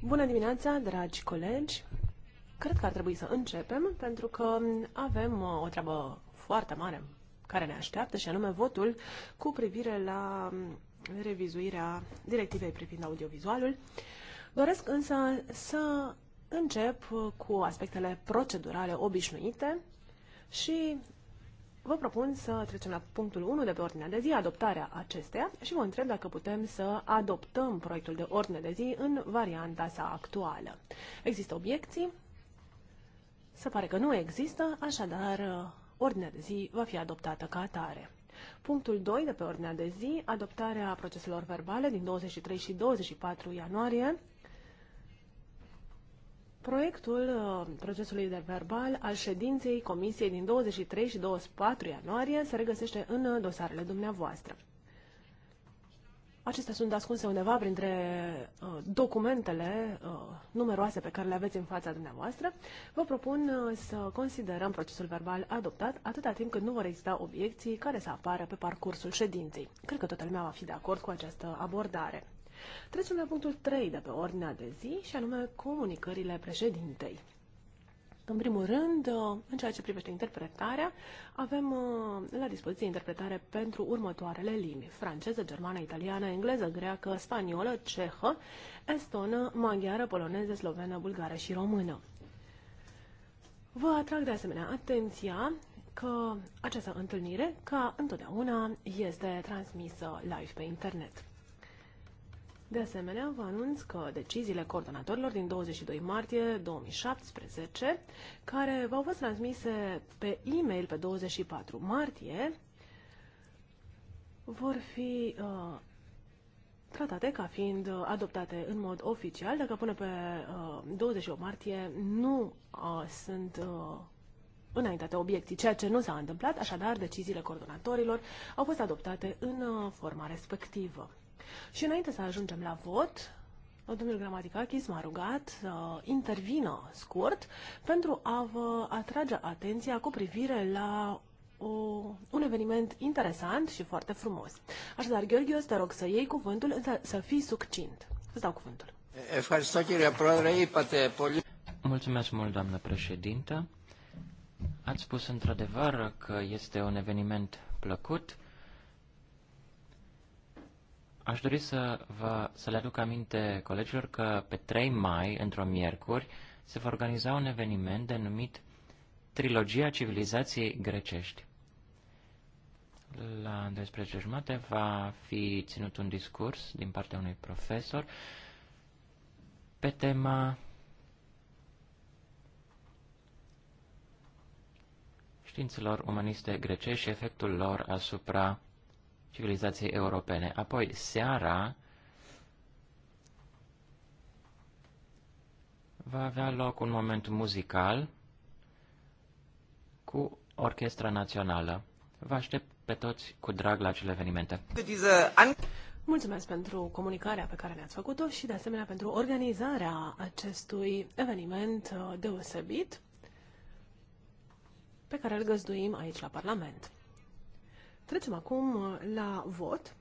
Bună dimineața, dragi colegi. Cred că ar trebui să începem, pentru că avem uh, o treabă foarte mare care ne așteaptă, și anume votul cu privire la um, revizuirea directivei privind audiovizualul. Doresc însă să încep uh, cu aspectele procedurale obișnuite și Vă propun să trecem la punctul 1 de pe ordinea de zi, adoptarea acesteia, și vă întreb dacă putem să adoptăm proiectul de ordine de zi în varianta sa actuală. Există obiecții? Se pare că nu există, așadar ordinea de zi va fi adoptată ca atare. Punctul 2 de pe ordinea de zi, adoptarea proceselor verbale din 23 și 24 ianuarie, Proiectul uh, procesului de verbal al ședinței Comisiei din 23 și 24 ianuarie se regăsește în uh, dosarele dumneavoastră. Acestea sunt ascunse undeva printre uh, documentele uh, numeroase pe care le aveți în fața dumneavoastră. Vă propun uh, să considerăm procesul verbal adoptat atâta timp cât nu vor exista obiecții care să apară pe parcursul ședinței. Cred că toată lumea va fi de acord cu această abordare. Trecem la punctul 3 de pe ordinea de zi și anume comunicările președintei. În primul rând, uh, în ceea ce privește interpretarea, avem uh, la dispoziție interpretare pentru următoarele limbi. Franceză, germană, italiană, engleză, greacă, spaniolă, cehă, estonă, maghiară, poloneză, slovenă, bulgară și română. Vă atrag de asemenea atenția că această întâlnire, ca întotdeauna, este transmisă live pe internet. De asemenea, vă anunț că deciziile coordonatorilor din 22 martie 2017, care v-au fost transmise pe e-mail pe 24 martie, vor fi uh, tratate ca fiind adoptate în mod oficial, dacă până pe uh, 28 martie nu uh, sunt uh, înaintate obiecții, ceea ce nu s-a întâmplat, așadar deciziile coordonatorilor au fost adoptate în uh, forma respectivă. Și înainte să ajungem la vot, domnul Gramaticachis m-a rugat să intervină scurt pentru a vă atrage atenția cu privire la o, un eveniment interesant și foarte frumos. Așadar, Gheorghios, te rog să iei cuvântul, să, să fii succint. Îți dau cuvântul. Mulțumesc mult, doamnă președintă. Ați spus într-adevăr că este un eveniment plăcut. Aș dori să, vă, să le aduc aminte colegilor că pe 3 mai, într-o miercuri, se va organiza un eveniment denumit Trilogia Civilizației Grecești. La 12 jumate va fi ținut un discurs din partea unui profesor pe tema științelor umaniste grecești și efectul lor asupra civilizației europene. Apoi, seara va avea loc un moment muzical cu Orchestra Națională. Vă aștept pe toți cu drag la acele evenimente. Mulțumesc pentru comunicarea pe care ne-ați făcut-o și de asemenea pentru organizarea acestui eveniment uh, deosebit pe care îl găzduim aici la Parlament. Trecem acum uh, la vot.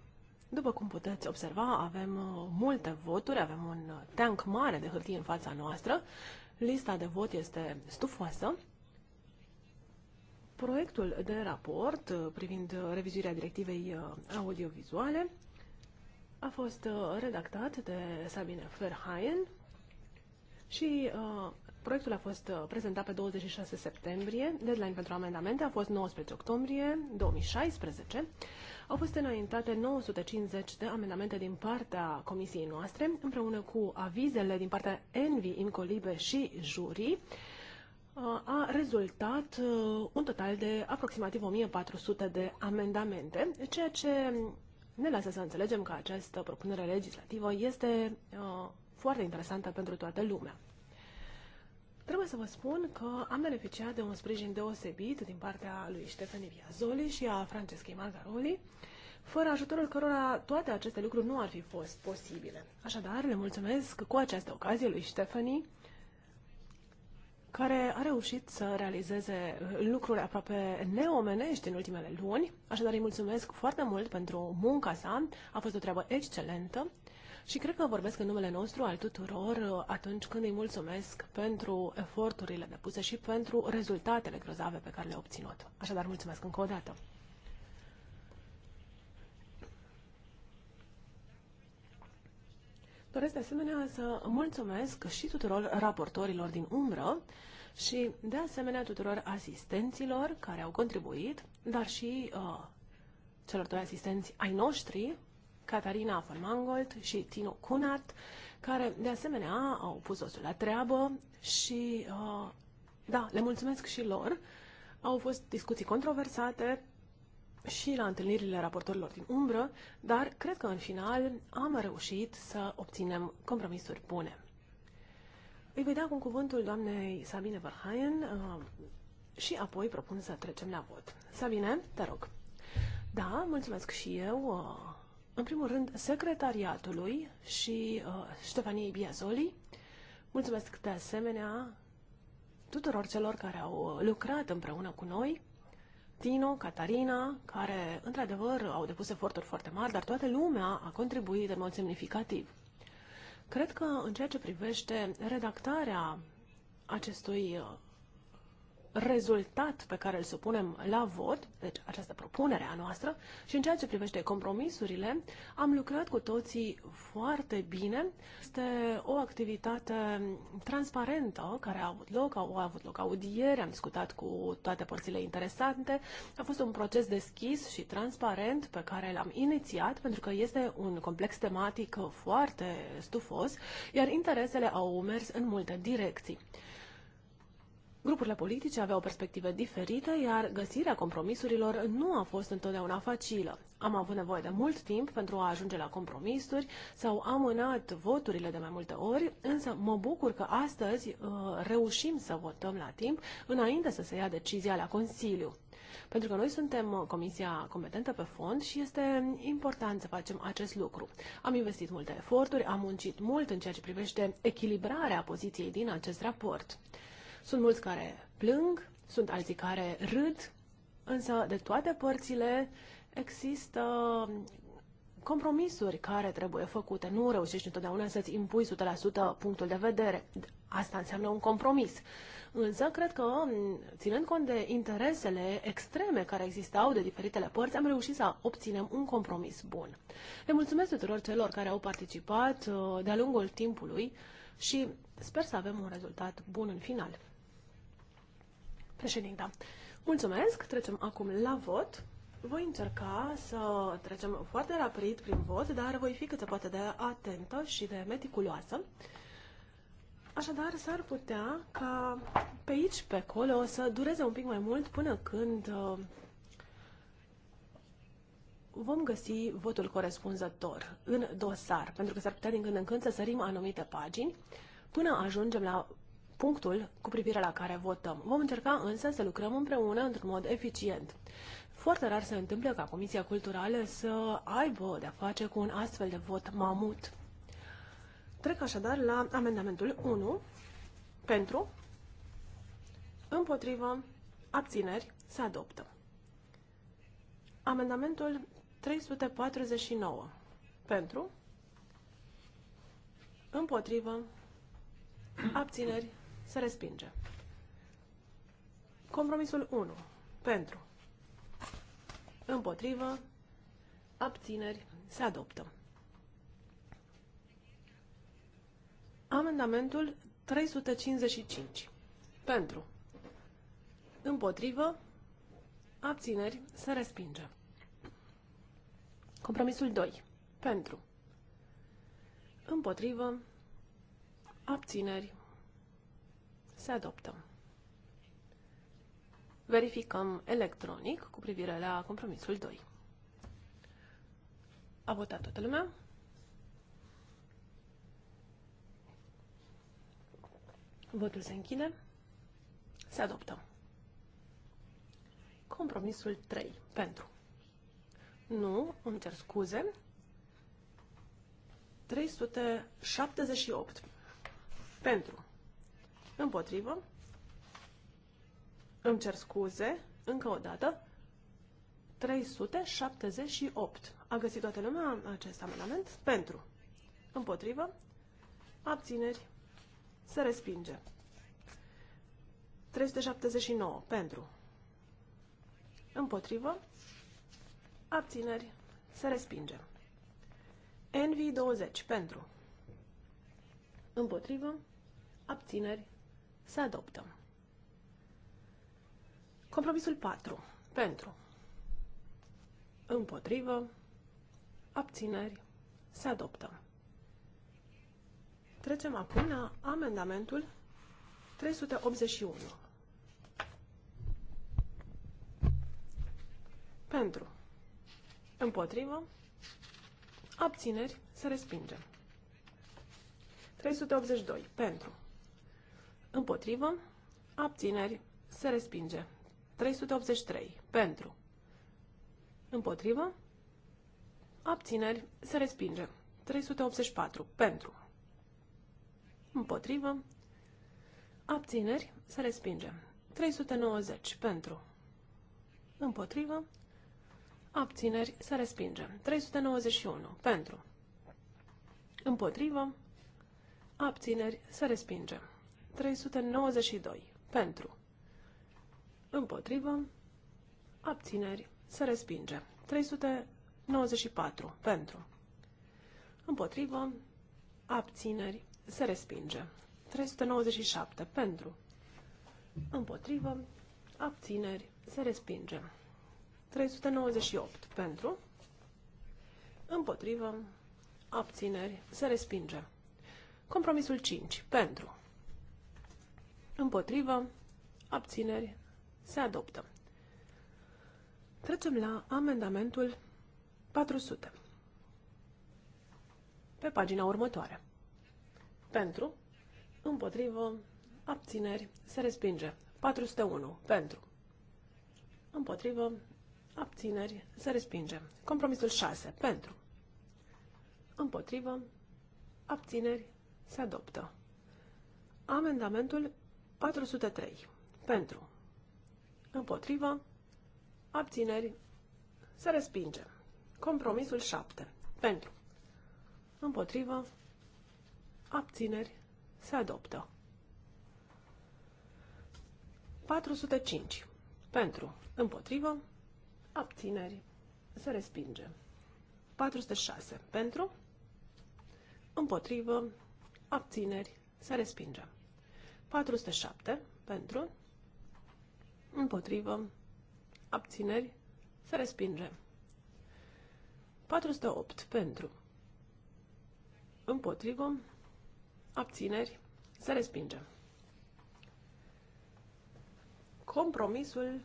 După cum puteți observa, avem uh, multe voturi, avem un uh, tank mare de hârtie în fața noastră. Lista de vot este stufoasă. Proiectul de raport privind revizuirea directivei audiovizuale a fost redactat de Sabine Ferhaien și Proiectul a fost uh, prezentat pe 26 septembrie, deadline pentru amendamente a fost 19 octombrie 2016. Au fost înaintate 950 de amendamente din partea comisiei noastre, împreună cu avizele din partea Envi, Incolibe și Jurii uh, a rezultat uh, un total de aproximativ 1400 de amendamente, ceea ce ne lasă să înțelegem că această propunere legislativă este foarte interesantă pentru toată lumea. Trebuie să vă spun că am beneficiat de un sprijin deosebit din partea lui Ștefanie Viazoli și a Francescai Margaroli, fără ajutorul cărora toate aceste lucruri nu ar fi fost posibile. Așadar, le mulțumesc cu această ocazie lui Stephanie, care a reușit să realizeze uh, lucruri aproape neomenești în ultimele luni. Așadar, îi mulțumesc foarte mult pentru munca sa. A fost o treabă excelentă și cred că vorbesc în numele nostru al tuturor uh, atunci când îi mulțumesc pentru eforturile depuse și pentru rezultatele grozave pe care le-a obținut. Așadar, mulțumesc încă o dată. Doresc de asemenea să mulțumesc și tuturor raportorilor din umbră și de asemenea tuturor asistenților care au contribuit, dar și uh, celor doi asistenți ai noștri Catarina von Mangold și Tino Cunard, care de asemenea au pus osul la treabă și uh, da, le mulțumesc și lor. Au fost discuții controversate și la întâlnirile raportorilor din umbră, dar cred că în final am reușit să obținem compromisuri bune. Îi voi da cu cuvântul doamnei Sabine Verhaien uh, și apoi propun să trecem la vot. Sabine, te rog. Da, mulțumesc și eu. Uh, în primul rând, secretariatului și uh, Ștefaniei Biazoli. Mulțumesc de asemenea tuturor celor care au uh, lucrat împreună cu noi, Tino, Catarina, care într-adevăr au depus eforturi foarte mari, dar toată lumea a contribuit în mod semnificativ. Cred că în ceea ce privește redactarea acestui uh, rezultat pe care îl supunem la vot, deci această propunere a noastră, și în ceea ce privește compromisurile, am lucrat cu toții foarte bine. Este o activitate transparentă care a avut loc, au avut loc audieri, am discutat cu toate părțile interesante. A fost un proces deschis și transparent pe care l-am inițiat pentru că este un complex tematic foarte stufos, iar interesele au mers în multe direcții. Grupurile politice aveau perspective diferite, iar găsirea compromisurilor nu a fost întotdeauna facilă. Am avut nevoie de mult timp pentru a ajunge la compromisuri sau am amânat voturile de mai multe ori, însă mă bucur că astăzi uh, reușim să votăm la timp înainte să se ia decizia la Consiliu. Pentru că noi suntem uh, comisia competentă pe fond și este important să facem acest lucru. Am investit multe eforturi, am muncit mult în ceea ce privește echilibrarea poziției din acest raport. Sunt mulți care plâng, sunt alții care râd, însă de toate părțile există compromisuri care trebuie făcute. Nu reușești întotdeauna să-ți impui 100% punctul de vedere. Asta înseamnă un compromis. Însă, cred că, ținând cont de interesele extreme care existau de diferitele părți, am reușit să obținem un compromis bun. Le mulțumesc tuturor celor care au participat uh, de-a lungul timpului și sper să avem un rezultat bun în final. Președinta, mulțumesc. Trecem acum la vot. Voi încerca să trecem foarte rapid prin vot, dar voi fi cât se poate de atentă și de meticuloasă. Așadar, s-ar putea ca pe aici, pe acolo, să dureze un pic mai mult până când uh, vom găsi votul corespunzător în dosar, pentru că s-ar putea din când în când să sărim anumite pagini până ajungem la punctul cu privire la care votăm. Vom încerca însă să lucrăm împreună într-un mod eficient. Foarte rar se întâmplă ca Comisia Culturală să aibă de-a face cu un astfel de vot mamut. Trec așadar la amendamentul 1 pentru, împotrivă, abțineri, să adoptă. Amendamentul 349 pentru, împotrivă, abțineri, se respinge. Compromisul 1. Pentru. Împotrivă. Abțineri. Se adoptă. Amendamentul 355. Pentru. Împotrivă. Abțineri. Se respinge. Compromisul 2. Pentru. Împotrivă. Abțineri. Se adoptă. Verificăm electronic cu privire la compromisul 2. A votat toată lumea? Votul se închide. Se adoptă. Compromisul 3. Pentru. Nu, îmi cer scuze. 378. Pentru. Împotrivă. Îmi cer scuze. Încă o dată. 378. A găsit toată lumea acest amendament? Pentru. Împotrivă. Abțineri. Se respinge. 379. Pentru. Împotrivă. Abțineri. Se respinge. NV 20. Pentru. Împotrivă. Abțineri. Se adoptă. Compromisul 4. Pentru. Împotrivă. Abțineri. Se adoptă. Trecem acum la amendamentul 381. Pentru. Împotrivă. Abțineri. Se respingem. 382. Pentru. Împotrivă. Abțineri. Se respinge. 383. Pentru. Împotrivă. Abțineri. Se respinge. 384. Pentru. Împotrivă. Abțineri. Se respinge. 390. Pentru. Împotrivă. Abțineri. Se respinge. 391. Pentru. Împotrivă. Abțineri. Se respinge. 392. Pentru. Împotrivă. Abțineri. Se respinge. 394. Pentru. Împotrivă. Abțineri. Se respinge. 397. Pentru. Împotrivă. Abțineri. Se respinge. 398. Pentru. Împotrivă. Abțineri. Se respinge. Compromisul 5. Pentru. Împotrivă. Abțineri. Se adoptă. Trecem la amendamentul 400. Pe pagina următoare. Pentru. Împotrivă. Abțineri. Se respinge. 401. Pentru. Împotrivă. Abțineri. Se respinge. Compromisul 6. Pentru. Împotrivă. Abțineri. Se adoptă. Amendamentul 403. Pentru. Împotrivă. Abțineri. Se respinge. Compromisul 7. Pentru. Împotrivă. Abțineri. Se adoptă. 405. Pentru. Împotrivă. Abțineri. Se respinge. 406. Pentru. Împotrivă. Abțineri. Se respinge. 407 pentru, împotrivă, abțineri, se respinge. 408 pentru, împotrivă, abțineri, se respinge. Compromisul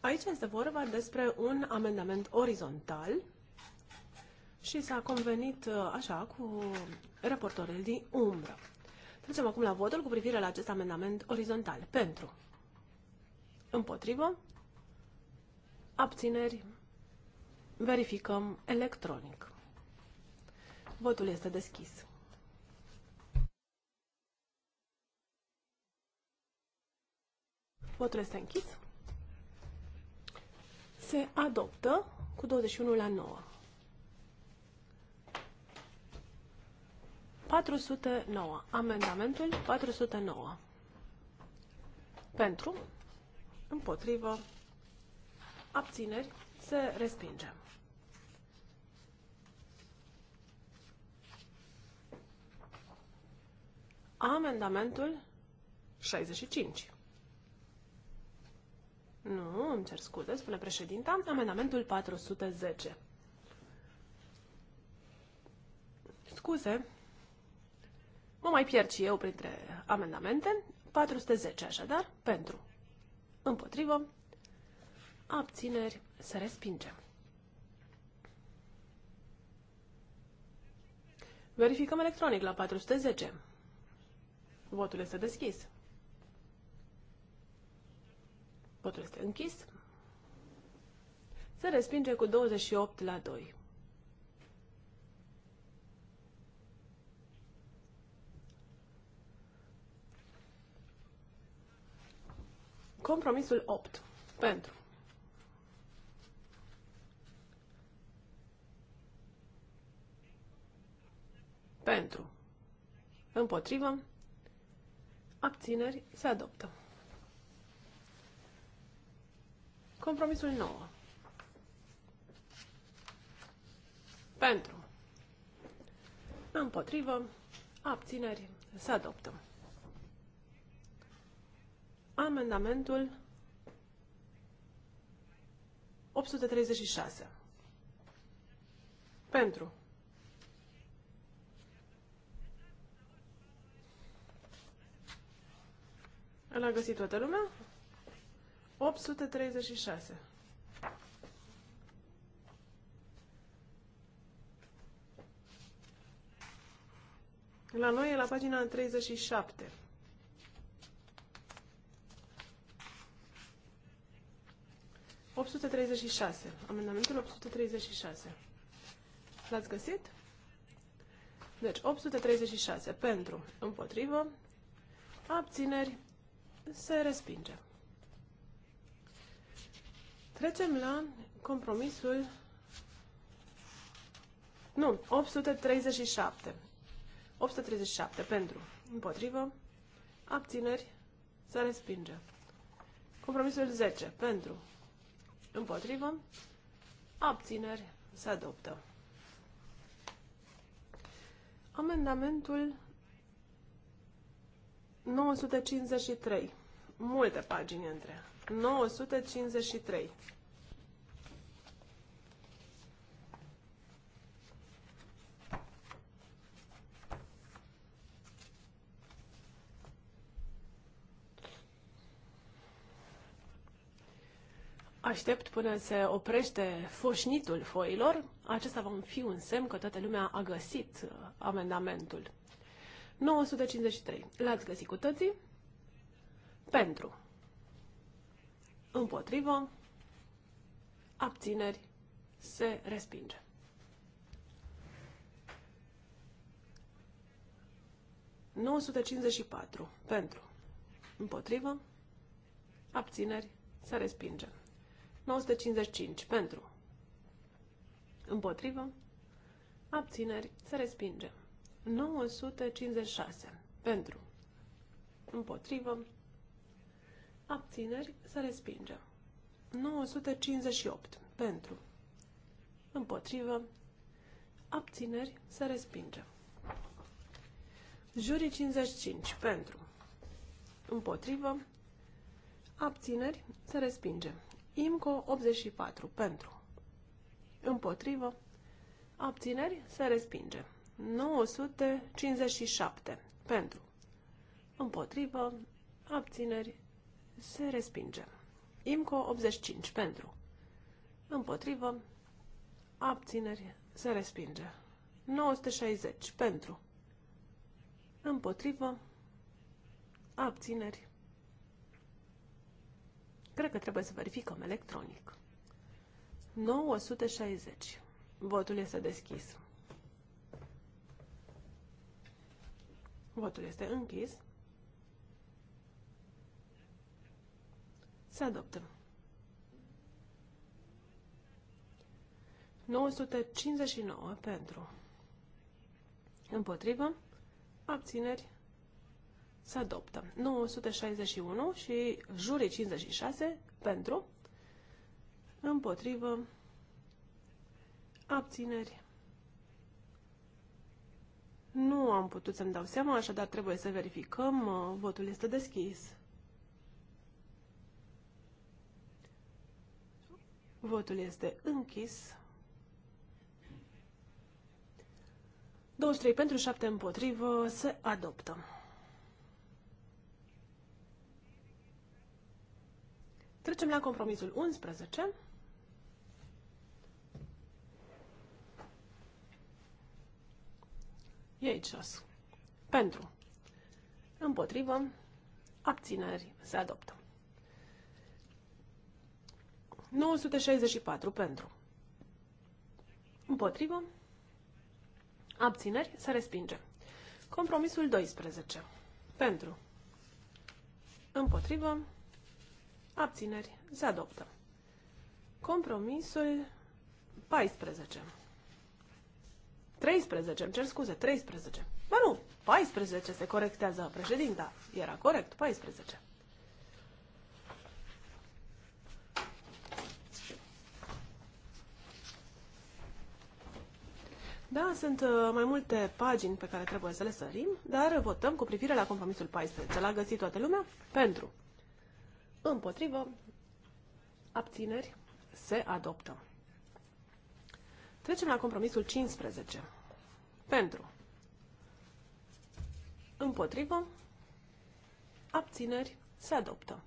Aici este vorba despre un amendament orizontal și s-a convenit uh, așa cu reportorul din umbră. Trecem acum la votul cu privire la acest amendament orizontal. Pentru. Împotrivă. Abțineri. Verificăm electronic. Votul este deschis. Votul este închis. Se adoptă cu 21 la 9. 409. Amendamentul 409. Pentru, împotrivă, abțineri, se respinge. Amendamentul 65. Nu, îmi cer scuze, spune președinta. Amendamentul 410. Scuze, Mă mai pierd și eu printre amendamente. 410 așadar, pentru, împotrivă, abțineri, să respingem. Verificăm electronic la 410. Votul este deschis. Votul este închis. Se respinge cu 28 la 2. Compromisul 8. Pentru. Pentru. Împotrivă. Abțineri. Se adoptă. Compromisul 9. Pentru. Împotrivă. Abțineri. Se adoptă. Amendamentul 836. Pentru. El a găsit toată lumea? 836. La noi e la pagina 37. 836. Amendamentul 836. L-ați găsit? Deci, 836 pentru, împotrivă, abțineri, se respinge. Trecem la compromisul, nu, 837. 837 pentru, împotrivă, abțineri, se respinge. Compromisul 10 pentru, Împotrivă. Abțineri. Se adoptă. Amendamentul 953. Multe pagini între. 953. aștept până se oprește foșnitul foilor. Acesta va fi un semn că toată lumea a găsit uh, amendamentul. 953. L-ați găsit cu toții? Pentru. Împotrivă. Abțineri. Se respinge. 954. Pentru. Împotrivă. Abțineri. Se respinge. 955 pentru. Împotrivă. Abțineri. Se respinge. 956 pentru. Împotrivă. Abțineri. Se respinge. 958 pentru. Împotrivă. Abțineri. Se respinge. Jurii 55 pentru. Împotrivă. Abțineri. Se respinge. IMCO 84 pentru. Împotrivă. Abțineri se respinge. 957 pentru. Împotrivă. Abțineri se respinge. IMCO 85 pentru. Împotrivă. Abțineri se respinge. 960 pentru. Împotrivă. Abțineri Cred că trebuie să verificăm electronic. 960. Votul este deschis. Votul este închis. Se adoptă. 959 pentru. Împotrivă. Abțineri se adoptă. 961 și jurii 56 pentru, împotrivă, abțineri. Nu am putut să-mi dau seama, așadar trebuie să verificăm. Uh, votul este deschis. Votul este închis. 23 pentru 7 împotrivă se adoptă. Trecem la compromisul 11. E aici jos. Pentru. Împotrivă. Abțineri. Se adoptă. 964 pentru. Împotrivă. Abțineri. Se respinge. Compromisul 12. Pentru. Împotrivă. Abțineri. Se adoptă. Compromisul 14. 13, îmi cer scuze, 13. Ba nu, 14 se corectează președinta. Era corect, 14. Da, sunt uh, mai multe pagini pe care trebuie să le sărim, dar votăm cu privire la compromisul 14. L-a găsit toată lumea? Pentru. Împotrivă. Abțineri. Se adoptă. Trecem la compromisul 15. Pentru. Împotrivă. Abțineri. Se adoptă.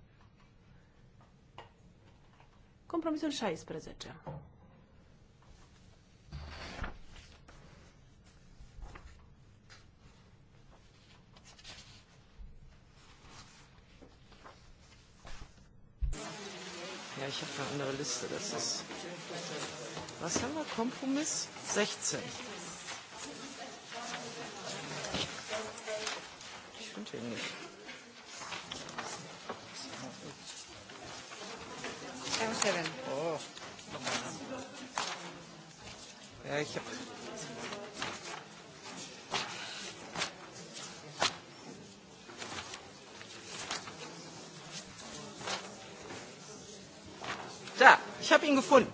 Compromisul 16. ich habe eine andere Liste. Das ist. Was haben wir? Kompromiss 16. Ich finde ihn nicht. Oh. Ja, ich habe. Ich habe ihn gefunden.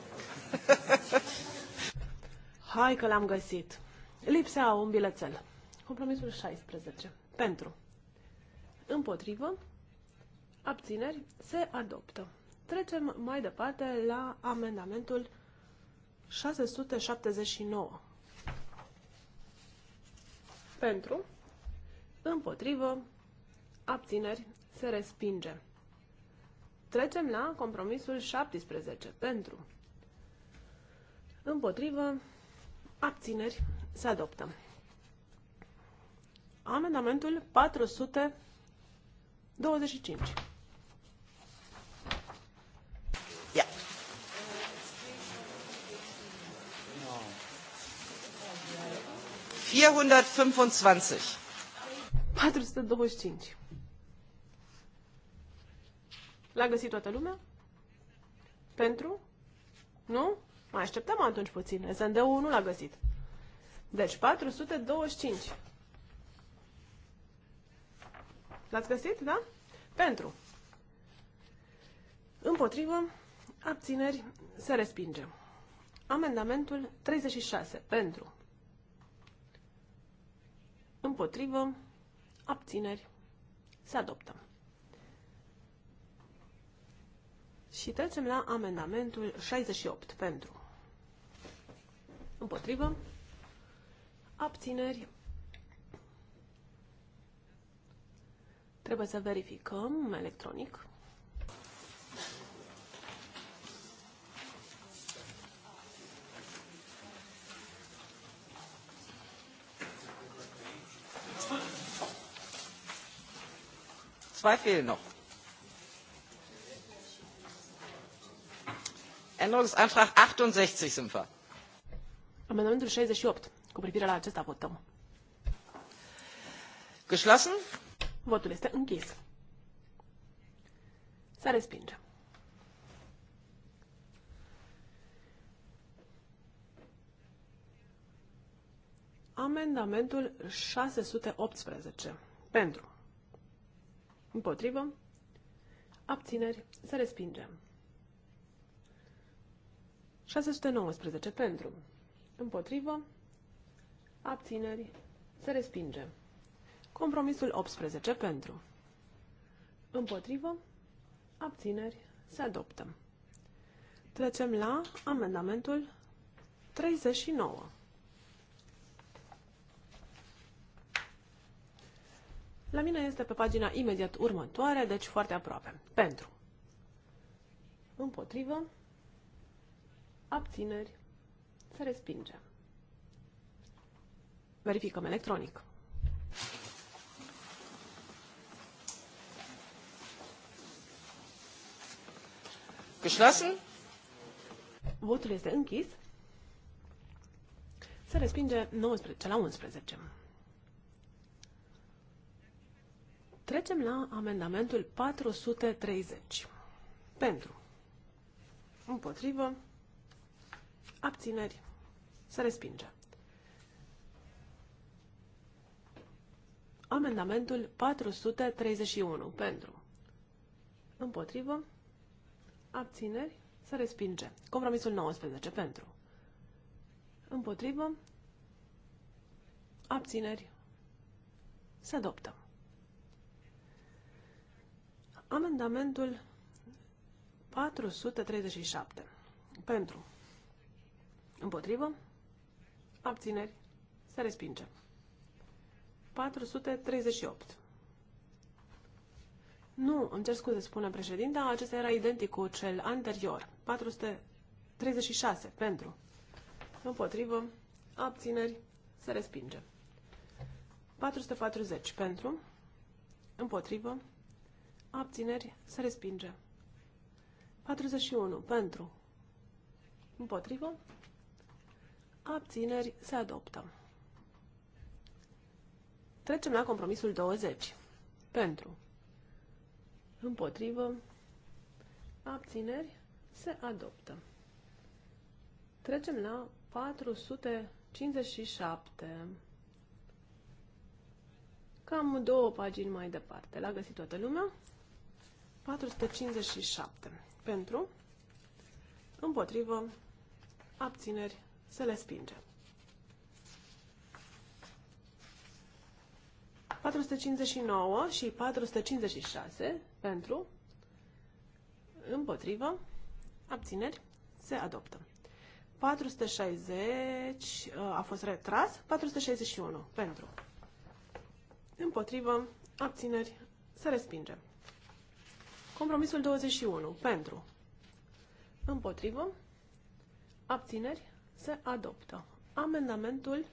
Hai că l-am găsit. Lipsea un bilețel. Compromisul 16. Pentru. Împotrivă. Abțineri. Se adoptă. Trecem mai departe la amendamentul 679. Pentru. Împotrivă. Abțineri. Se respinge. Trecem la compromisul 17. Pentru. Împotrivă. Abțineri. Se adoptă. Amendamentul 425. Yeah. 425. 425. L-a găsit toată lumea? Pentru? Nu? Mai așteptăm atunci puțin. SND-ul nu l-a găsit. Deci, 425. L-ați găsit, da? Pentru. Împotrivă, abțineri, se respinge. Amendamentul 36. Pentru. Împotrivă, abțineri, se adoptă. Și trecem la amendamentul 68 pentru. Împotrivă. Abțineri. Trebuie să verificăm electronic. Zwei fehlen noch. Änderungsantrag 68 sind wir. Amendamentul 68. Cu privire la acesta votăm. Geschlossen? Votul este închis. Să respingem. Amendamentul 618. Pentru. Împotrivă. Abțineri. Să respingem. 619 pentru. Împotrivă. Abțineri. Se respinge. Compromisul 18 pentru. Împotrivă. Abțineri. Se adoptă. Trecem la amendamentul 39. La mine este pe pagina imediat următoare, deci foarte aproape. Pentru. Împotrivă abțineri, se respinge. Verificăm electronic. Geschlossen. Votul este închis. Se respinge 19 la 11. Trecem la amendamentul 430. Pentru. Împotrivă. Abțineri. Se respinge. Amendamentul 431. Pentru. Împotrivă. Abțineri. Se respinge. Compromisul 19. Pentru. Împotrivă. Abțineri. Se adoptă. Amendamentul 437. Pentru. Împotrivă. Abțineri. Se respinge. 438. Nu, îmi cer scuze, spune președinta, acesta era identic cu cel anterior. 436 pentru. Împotrivă. Abțineri. Se respinge. 440 pentru. Împotrivă. Abțineri. Se respinge. 41 pentru. Împotrivă. Abțineri se adoptă. Trecem la compromisul 20. Pentru. Împotrivă. Abțineri se adoptă. Trecem la 457. Cam două pagini mai departe. L-a găsit toată lumea. 457. Pentru. Împotrivă. Abțineri se respinge. 459 și 456 pentru, împotrivă, abțineri, se adoptă. 460 uh, a fost retras, 461 pentru, împotrivă, abțineri, se respinge. Compromisul 21 pentru, împotrivă, abțineri, se adoptă. Amendamentul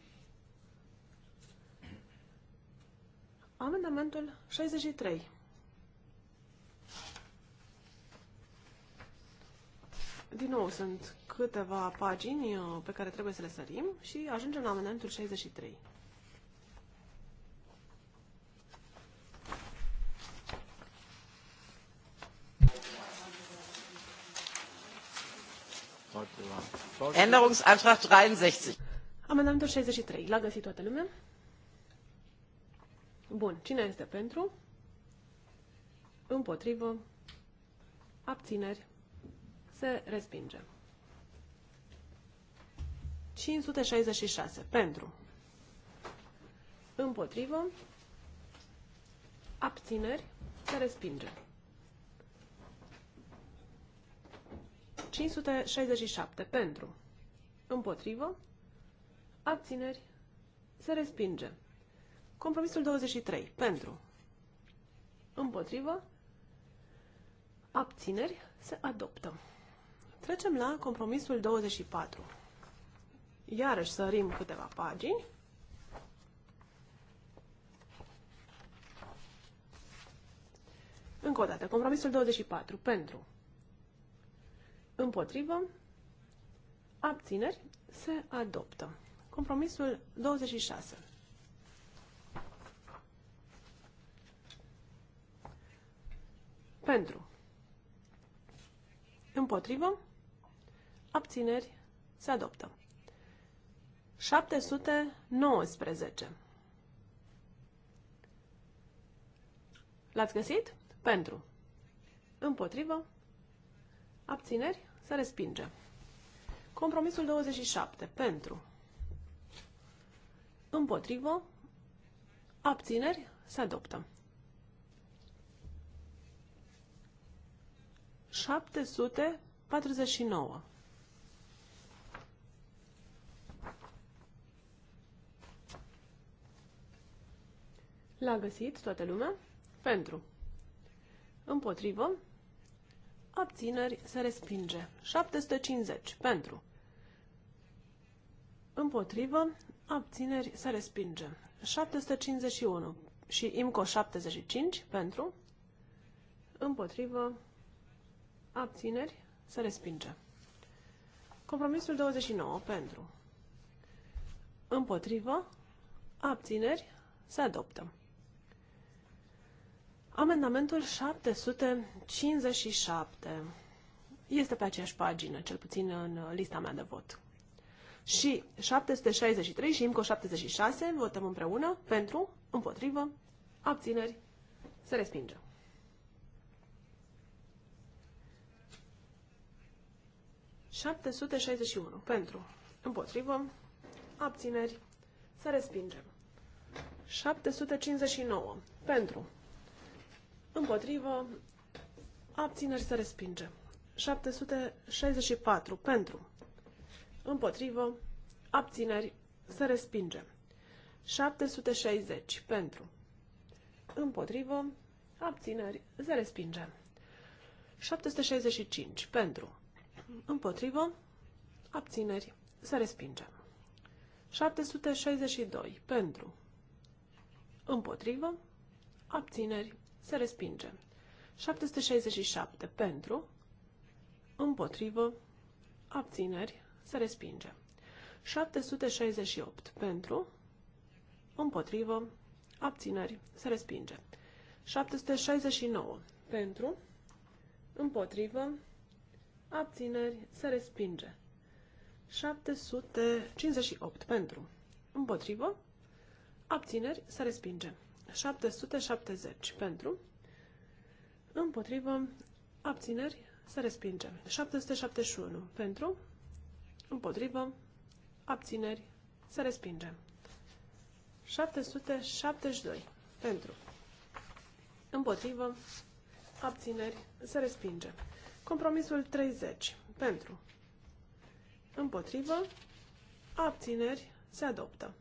Amendamentul 63. Din nou, sunt câteva pagini uh, pe care trebuie să le sărim și ajungem la amendamentul 63. Änderungsantrag 63. Amendamentul 63. L-a găsit toată lumea? Bun. Cine este pentru? Împotrivă. Abțineri. Se respinge. 566. Pentru. Împotrivă. Abțineri. Se respinge. 567 pentru. Împotrivă. Abțineri. Se respinge. Compromisul 23 pentru. Împotrivă. Abțineri. Se adoptă. Trecem la compromisul 24. Iarăși sărim câteva pagini. Încă o dată, compromisul 24 pentru Împotrivă. Abțineri. Se adoptă. Compromisul 26. Pentru. Împotrivă. Abțineri. Se adoptă. 719. L-ați găsit? Pentru. Împotrivă. Abțineri. Se respinge. Compromisul 27. Pentru. Împotrivă. Abțineri. Se adoptă. 749. L-a găsit toată lumea? Pentru. Împotrivă abțineri, se respinge. 750 pentru, împotrivă, abțineri, se respinge. 751 și IMCO 75 pentru, împotrivă, abțineri, se respinge. Compromisul 29 pentru, împotrivă, abțineri, se adoptă. Amendamentul 757 este pe aceeași pagină, cel puțin în lista mea de vot. Și 763 și IMCO 76 votăm împreună pentru, împotrivă, abțineri, se respinge. 761 pentru, împotrivă, abțineri, se respinge. 759 pentru, împotrivă, abțineri se respinge. 764 pentru, împotrivă, abțineri se respinge. 760 pentru, împotrivă, abțineri se respinge. 765 pentru, împotrivă, abțineri se respinge. 762 pentru, împotrivă, abțineri se respinge. 767 pentru, împotrivă, abțineri, se respinge. 768 pentru, împotrivă, abțineri, se respinge. 769 pentru, împotrivă, abțineri, se respinge. 758 pentru, împotrivă, abțineri, se respinge. 770 pentru, împotrivă, abțineri, să respinge. 771 pentru, împotrivă, abțineri, să respinge. 772 pentru, împotrivă, abțineri, să respinge. Compromisul 30 pentru, împotrivă, abțineri, se adoptă.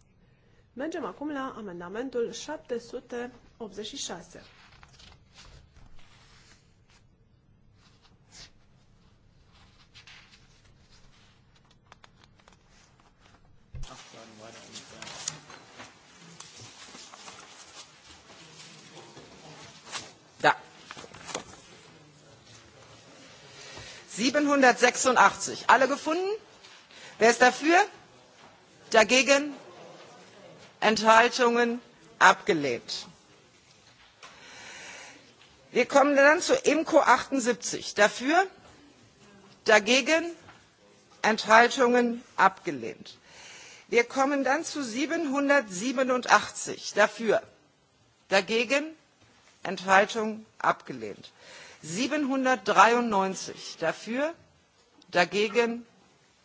Mergem acum la amendamentul 786. Da. 786. Alle gefunden? Wer ist dafür? Dagegen? Enthaltungen abgelehnt. Wir kommen dann zu Imco 78. Dafür, dagegen, Enthaltungen abgelehnt. Wir kommen dann zu 787. Dafür, dagegen, Enthaltung abgelehnt. 793 dafür, dagegen,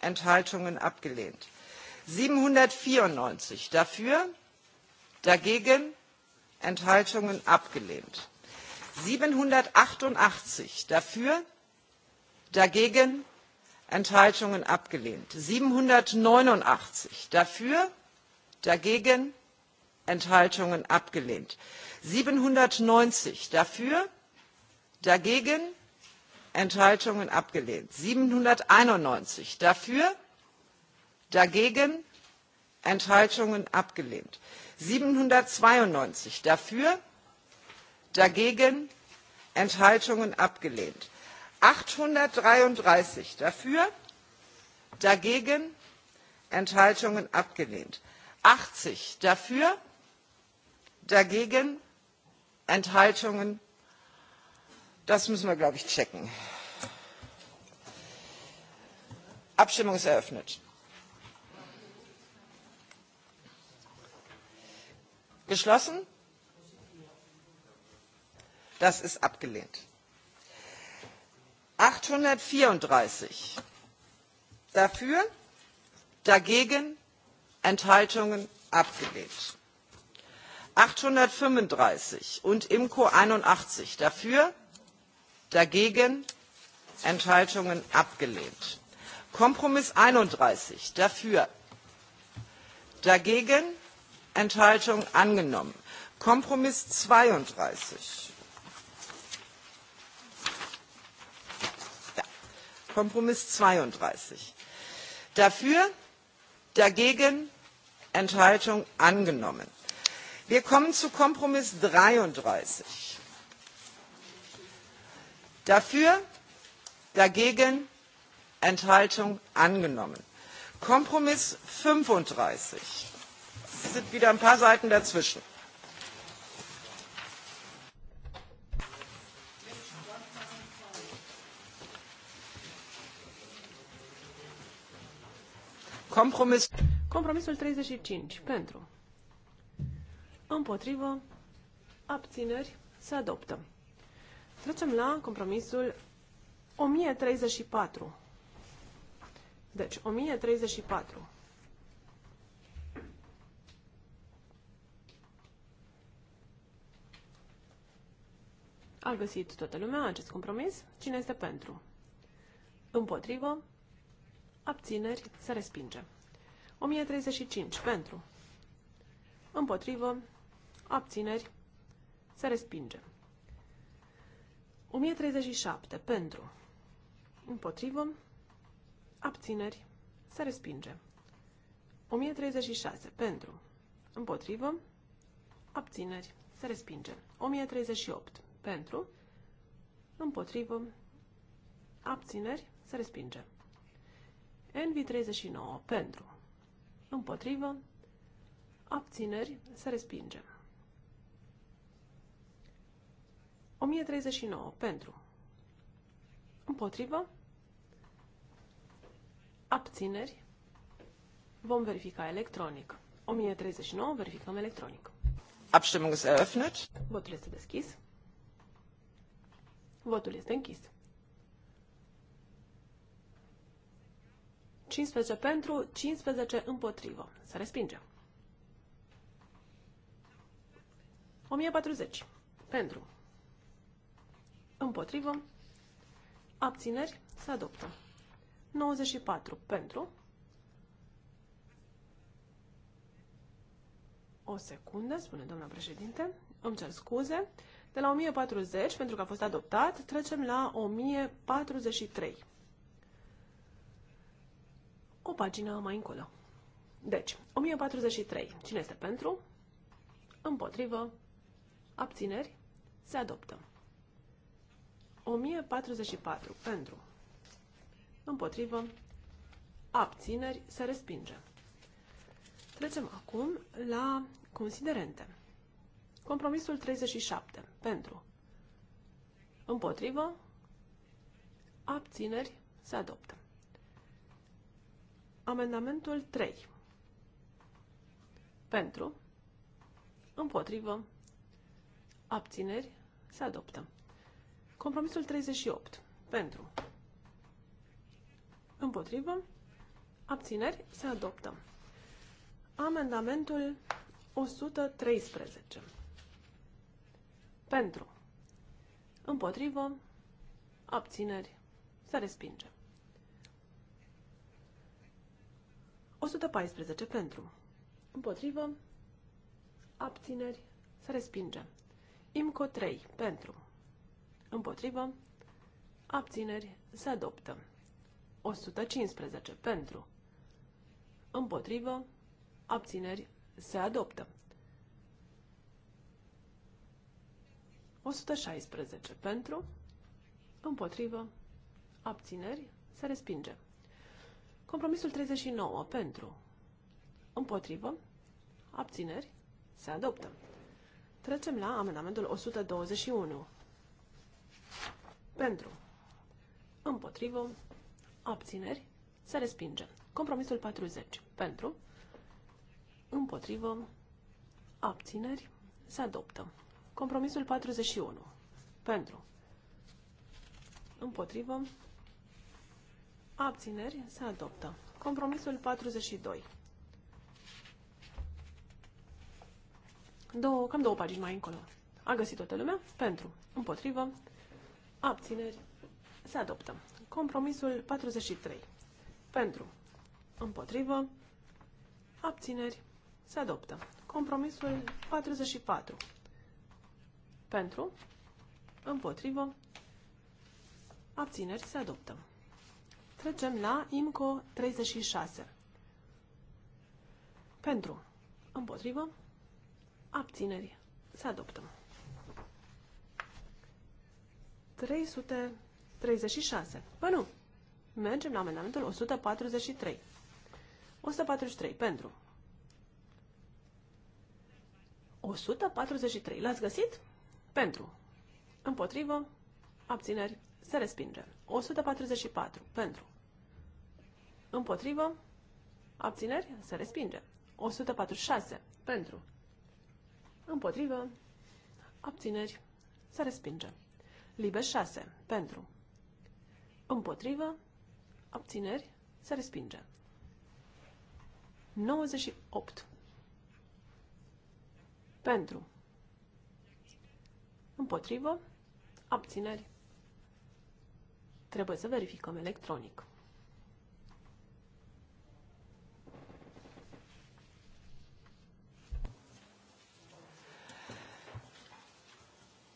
Enthaltungen abgelehnt siebenhundertvierundneunzig dafür dagegen enthaltungen abgelehnt; siebenhundertachtundachtzig dafür dagegen enthaltungen abgelehnt; siebenhundertneunundachtzig dafür dagegen enthaltungen abgelehnt; siebenhundertneunzig dafür dagegen enthaltungen abgelehnt; siebenhunderteinundneunzig dafür dagegen enthaltungen abgelehnt; siebenhundertzweiundneunzig dafür dagegen enthaltungen abgelehnt; achthundertdreiunddreißig dafür dagegen enthaltungen abgelehnt; achtzig dafür dagegen enthaltungen das müssen wir glaube ich checken. abstimmung ist eröffnet. Geschlossen? Das ist abgelehnt. 834 dafür, dagegen, Enthaltungen abgelehnt. 835 und Imco 81 dafür, dagegen, Enthaltungen abgelehnt. Kompromiss 31 dafür, dagegen, Enthaltung angenommen. Kompromiss 32. Ja, Kompromiss 32. Dafür, dagegen, Enthaltung angenommen. Wir kommen zu Kompromiss 33. Dafür, dagegen, Enthaltung angenommen. Kompromiss 35 sind wieder ein paar Seiten dazwischen. Compromis. Compromisul 35. Pentru. Împotrivă. Abțineri. Se adoptă. Trecem la compromisul 1034. Deci, 1034. A găsit toată lumea acest compromis. Cine este pentru? Împotrivă. Abțineri. Se respinge. 1035. Pentru. Împotrivă. Abțineri. Se respinge. 1037. Pentru. Împotrivă. Abțineri. Se respinge. 1036. Pentru. Împotrivă. Abțineri. Se respinge. 1038. Pentru, împotrivă, abțineri, se respinge. NV39, pentru, împotrivă, abțineri, se respinge. 1039, pentru, împotrivă, abțineri, vom verifica electronic. 1039, verificăm electronic. Abstimmung ist eröffnet. Votul este deschis. Votul este închis. 15 pentru, 15 împotrivă. Să respingem. 1040. Pentru. Împotrivă. Abțineri. Se adoptă. 94. Pentru. O secundă, spune doamna președinte. Îmi cer scuze. De la 1040, pentru că a fost adoptat, trecem la 1043. O pagină mai încolo. Deci, 1043. Cine este pentru? Împotrivă. Abțineri. Se adoptă. 1044. Pentru. Împotrivă. Abțineri. Se respinge. Trecem acum la considerente. Compromisul 37. Pentru. Împotrivă. Abțineri. Se adoptă. Amendamentul 3. Pentru. Împotrivă. Abțineri. Se adoptă. Compromisul 38. Pentru. Împotrivă. Abțineri. Se adoptă. Amendamentul 113. Pentru. Împotrivă. Abțineri. Se respinge. 114 pentru. Împotrivă. Abțineri. Se respinge. IMCO 3 pentru. Împotrivă. Abțineri. Se adoptă. 115 pentru. Împotrivă. Abțineri. Se adoptă. 116 pentru, împotrivă, abțineri, se respinge. Compromisul 39 pentru, împotrivă, abțineri, se adoptă. Trecem la amendamentul 121. Pentru, împotrivă, abțineri, se respinge. Compromisul 40. Pentru, împotrivă, abțineri, se adoptă. Compromisul 41. Pentru. Împotrivă. Abțineri. Se adoptă. Compromisul 42. Două, cam două pagini mai încolo. A găsit toată lumea? Pentru. Împotrivă. Abțineri. Se adoptă. Compromisul 43. Pentru. Împotrivă. Abțineri. Se adoptă. Compromisul 44. Pentru, împotrivă, abțineri se adoptă. Trecem la IMCO 36. Pentru, împotrivă, abțineri se adoptă. 336. Păi nu! Mergem la amendamentul 143. 143. Pentru. 143. L-ați găsit? Pentru. Împotrivă. Abțineri. Se respinge. 144. Pentru. Împotrivă. Abțineri. Se respinge. 146. Pentru. Împotrivă. Abțineri. Se respinge. Libe 6. Pentru. Împotrivă. Abțineri. Se respinge. 98. Pentru. Împotrivă. Abțineri. Trebuie să verificăm electronic.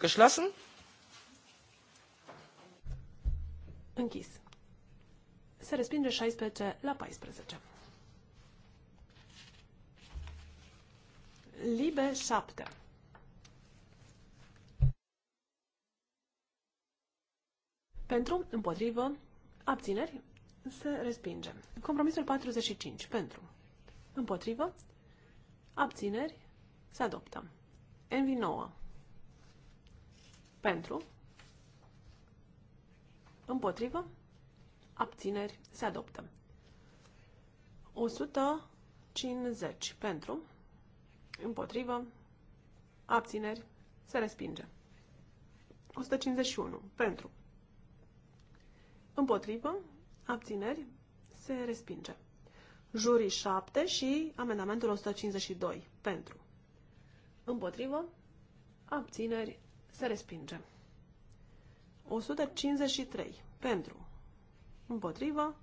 Geschlossen? Închis. Se respinge 16 la 14. Libe 7. Pentru, împotrivă, abțineri, se respinge. Compromisul 45. Pentru, împotrivă, abțineri, se adoptă. Envi 9. Pentru, împotrivă, abțineri, se adoptă. 150. Pentru, împotrivă, abțineri, se respinge. 151. Pentru, Împotrivă. Abțineri. Se respinge. Jurii 7 și amendamentul 152. Pentru. Împotrivă. Abțineri. Se respinge. 153. Pentru. Împotrivă.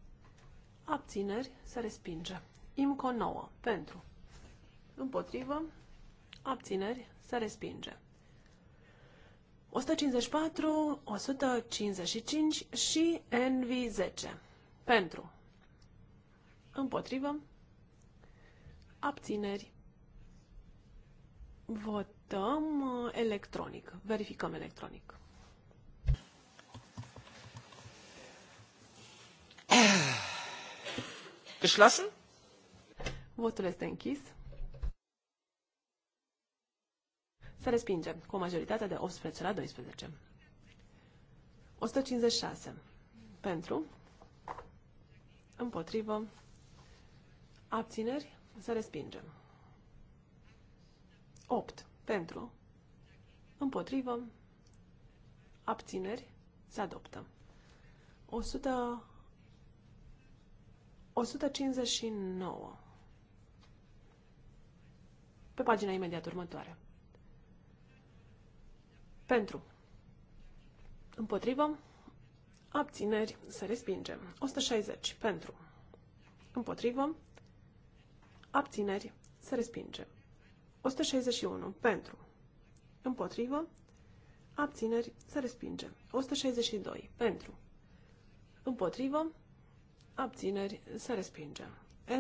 Abțineri. Se respinge. IMCO 9. Pentru. Împotrivă. Abțineri. Se respinge. 154, 155 și NV10. Pentru. Împotrivă. Abțineri. Votăm uh, electronic. Verificăm electronic. Geschlossen? Votul este închis. se respinge cu o majoritate de 18 la 12. 156. Pentru, împotrivă, abțineri, se respinge. 8. Pentru, împotrivă, abțineri, se adoptă. 100, 159. Pe pagina imediat următoare. Pentru. Împotrivă. Abțineri. să respingem. 160. Pentru. Împotrivă. Abțineri. să respingem. 161. Pentru. Împotrivă. Abțineri. să respingem. 162. Pentru. Împotrivă. Abțineri. să respingem.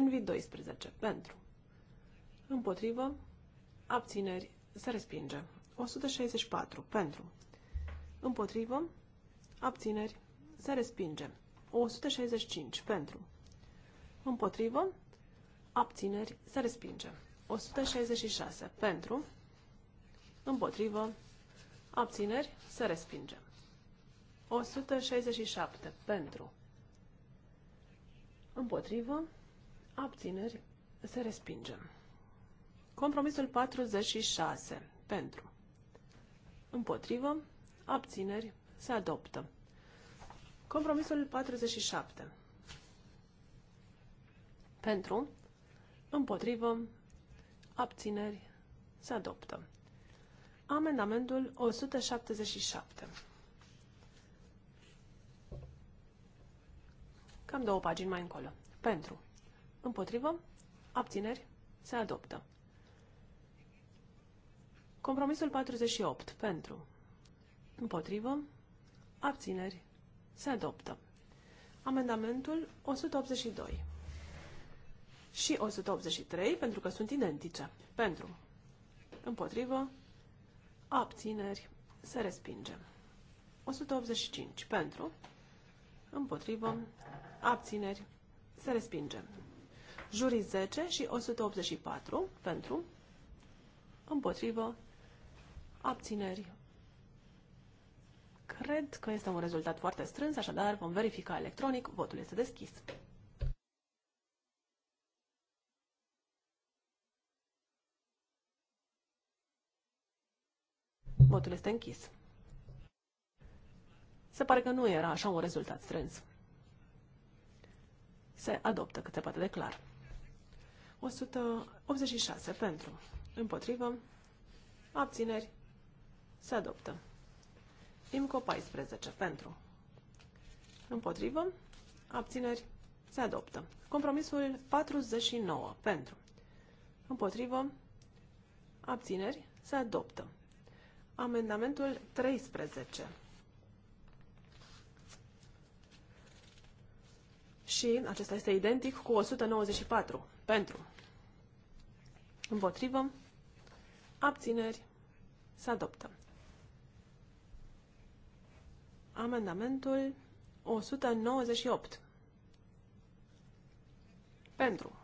nv 12. Pentru. Împotrivă. Abțineri. să respingem. 164. Pentru. Împotrivă. Abțineri. Se respinge. 165. Pentru. Împotrivă. Abțineri. Se respinge. 166. Pentru. Împotrivă. Abțineri. Se respinge. 167. Pentru. Împotrivă. Abțineri. Se respinge. Compromisul 46. Pentru. Împotrivă. Abțineri. Se adoptă. Compromisul 47. Pentru. Împotrivă. Abțineri. Se adoptă. Amendamentul 177. Cam două pagini mai încolo. Pentru. Împotrivă. Abțineri. Se adoptă. Compromisul 48. Pentru. Împotrivă. Abțineri. Se adoptă. Amendamentul 182 și 183, pentru că sunt identice. Pentru. Împotrivă. Abțineri. Se respinge. 185. Pentru. Împotrivă. Abțineri. Se respinge. Jurii 10 și 184. Pentru. Împotrivă. Abțineri. Cred că este un rezultat foarte strâns, așadar vom verifica electronic. Votul este deschis. Votul este închis. Se pare că nu era așa un rezultat strâns. Se adoptă cât se poate de clar. 186 pentru, împotrivă, abțineri, se adoptă. IMCO 14. Pentru. Împotrivă. Abțineri. Se adoptă. Compromisul 49. Pentru. Împotrivă. Abțineri. Se adoptă. Amendamentul 13. Și acesta este identic cu 194. Pentru. Împotrivă. Abțineri. Se adoptă amendamentul 198. Pentru.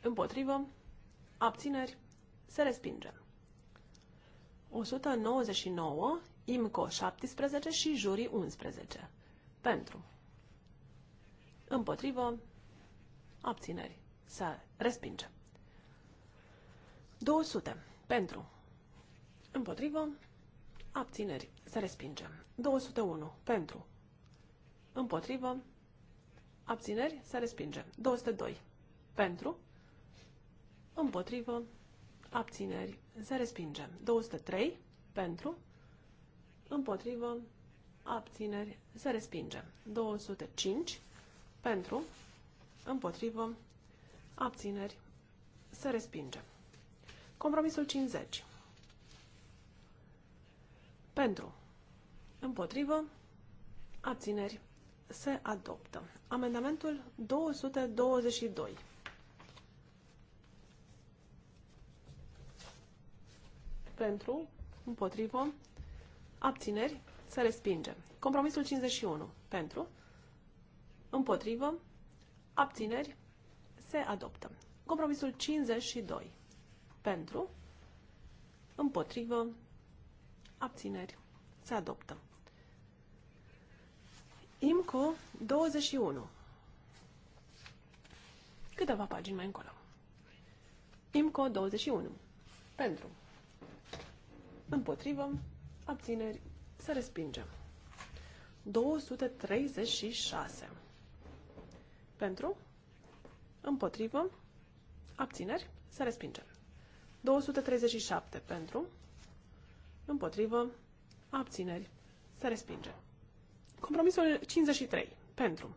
Împotrivă. Abțineri. Se respinge. 199, IMCO 17 și Juri 11. Pentru. Împotrivă. Abțineri. Se respinge. 200. Pentru. Împotrivă. Abțineri. Se respinge. 201. Pentru. Împotrivă. Abțineri. Se respinge. 202. Pentru. Împotrivă. Abțineri. Se respinge. 203. Pentru. Împotrivă. Abțineri. Se respinge. 205. Pentru. Împotrivă. Abțineri. Se respinge. Compromisul 50. Pentru. Împotrivă. Abțineri. Se adoptă. Amendamentul 222. Pentru. Împotrivă. Abțineri. Se respinge. Compromisul 51. Pentru. Împotrivă. Abțineri. Se adoptă. Compromisul 52. Pentru. Împotrivă. Abțineri. Se adoptă. IMCO 21. Câteva pagini mai încolo. IMCO 21. Pentru. Împotrivă. Abțineri. Se respinge. 236. Pentru. Împotrivă. Abțineri. Se respinge. 237 pentru. Împotrivă. Abțineri. Se respinge. Compromisul 53. Pentru.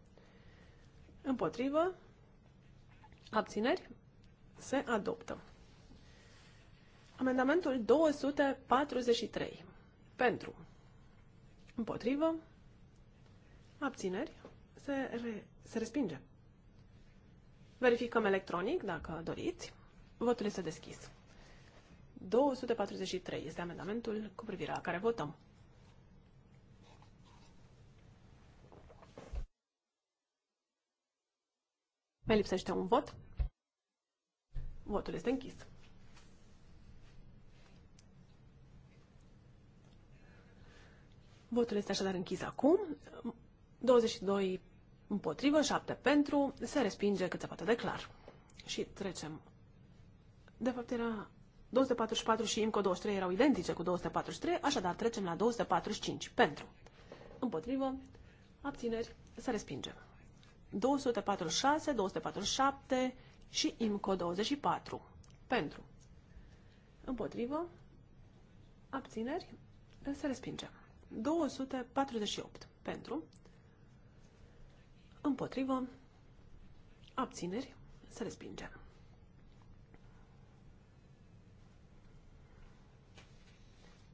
Împotrivă. Abțineri. Se adoptă. Amendamentul 243. Pentru. Împotrivă. Abțineri. Se, re, se respinge. Verificăm electronic, dacă doriți. Votul este deschis. 243 este amendamentul cu privire la care votăm. Mai lipsește un vot. Votul este închis. Votul este așadar închis acum. 22 împotrivă, 7 pentru, se respinge cât se poate de clar. Și trecem. De fapt, era 244 și IMCO 23 erau identice cu 243, așadar trecem la 245. Pentru. Împotrivă. Abțineri. să respingem. 246, 247 și IMCO 24. Pentru. Împotrivă. Abțineri. să respingem. 248. Pentru. Împotrivă. Abțineri. să respingem.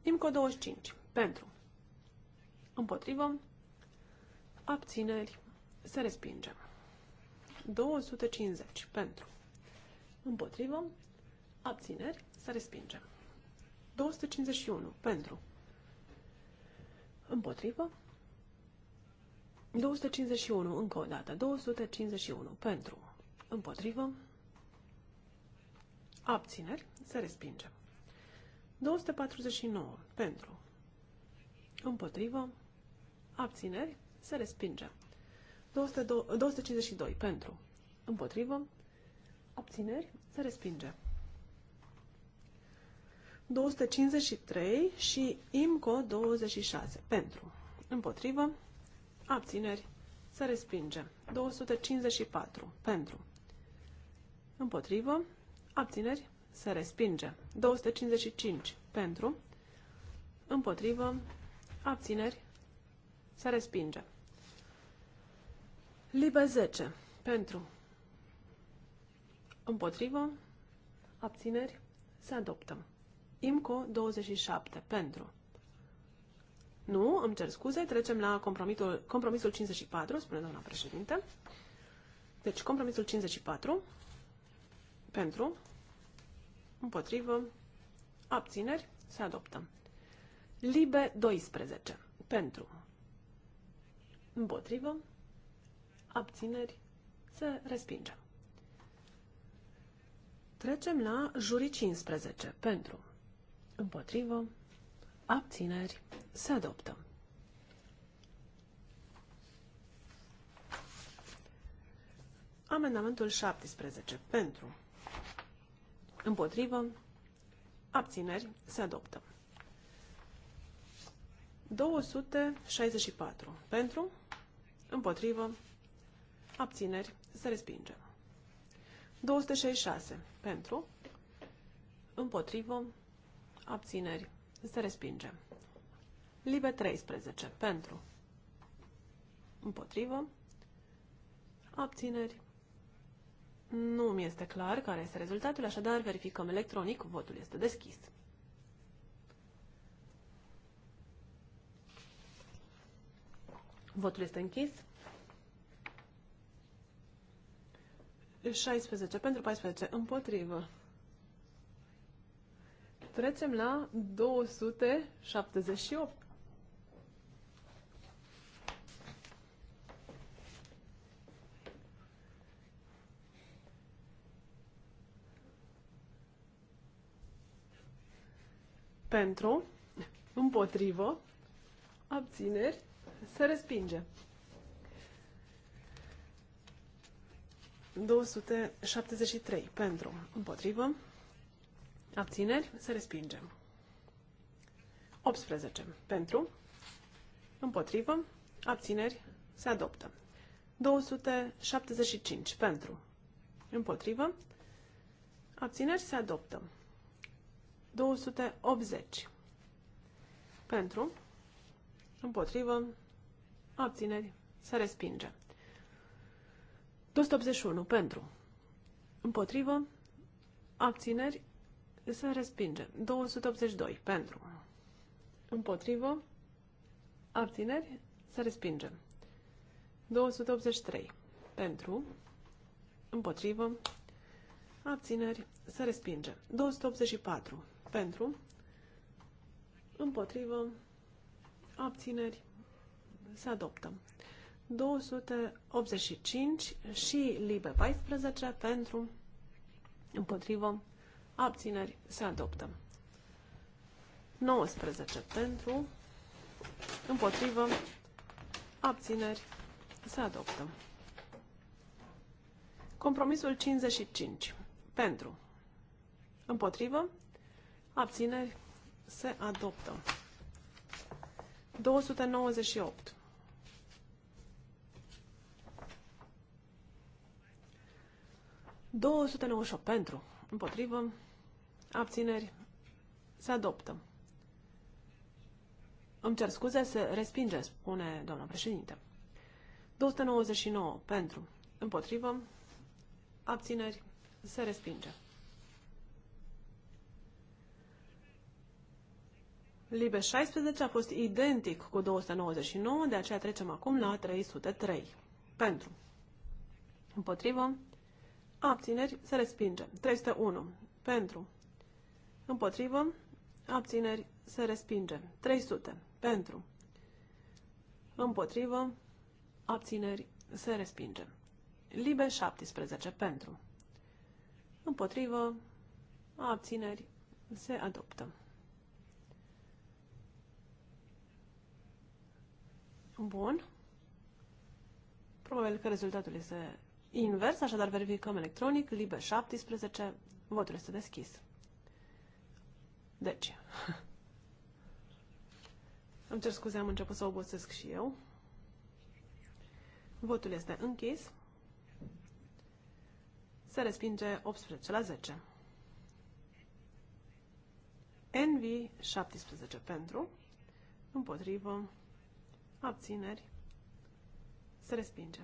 IMCO 25. Pentru. Împotrivă. Abțineri. Se respinge. 250. Pentru. Împotrivă. Abțineri. Se respinge. 251. Pentru. Împotrivă. 251. Încă o dată. 251. Pentru. Împotrivă. Abțineri. Se respinge. 249 pentru. Împotrivă. Abțineri. Se respinge. 202, 252 pentru. Împotrivă. Abțineri. Se respinge. 253 și IMCO 26 pentru. Împotrivă. Abțineri. Se respinge. 254 pentru. Împotrivă. Abțineri se respinge. 255 pentru, împotrivă, abțineri, se respinge. Libe 10 pentru, împotrivă, abțineri, se adoptă. IMCO 27 pentru. Nu, îmi cer scuze, trecem la compromisul, compromisul 54, spune doamna președinte. Deci, compromisul 54 pentru, Împotrivă. Abțineri. Se adoptă. Libe 12. Pentru. Împotrivă. Abțineri. Se respinge. Trecem la jurii 15. Pentru. Împotrivă. Abțineri. Se adoptă. Amendamentul 17. Pentru. Împotrivă. Abțineri. Se adoptă. 264. Pentru. Împotrivă. Abțineri. Se respinge. 266. Pentru. Împotrivă. Abțineri. Se respinge. Libe 13. Pentru. Împotrivă. Abțineri. Nu mi este clar care este rezultatul, așadar verificăm electronic. Votul este deschis. Votul este închis. 16 pentru 14 împotrivă. Trecem la 278. pentru, împotrivă, abțineri, se respinge. 273 pentru, împotrivă, abțineri, se respinge. 18 pentru, împotrivă, abțineri, se adoptă. 275 pentru, împotrivă, abțineri, se adoptă. 280. Pentru, împotrivă, abțineri, se respinge. 281. Pentru, împotrivă, abțineri, se respinge. 282. Pentru, împotrivă, abțineri, se respinge. 283. Pentru, împotrivă, abțineri, se respinge. 284. Pentru. Împotrivă. Abțineri. Se adoptă. 285 și libe 14 pentru. Împotrivă. Abțineri. Se adoptă. 19 pentru. Împotrivă. Abțineri. Se adoptă. Compromisul 55. Pentru. Împotrivă. Abțineri se adoptă. 298. ...298 pentru, împotrivă, abțineri, se adoptă. Îmi cer scuze, se respinge, spune doamna președinte. 299 pentru, împotrivă, abțineri, se respinge. Libe 16 a fost identic cu 299, de aceea trecem acum la 303. Pentru. Împotrivă. Abțineri. Se respinge. 301. Pentru. Împotrivă. Abțineri. Se respinge. 300. Pentru. Împotrivă. Abțineri. Se respinge. Libe 17. Pentru. Împotrivă. Abțineri. Se adoptă. Bun. Probabil că rezultatul este invers, așadar verificăm electronic, liber 17, votul este deschis. Deci, îmi cer scuze, am început să obosesc și eu. Votul este închis. Se respinge 18 la 10. NV 17 pentru, împotrivă, abțineri, se respinge.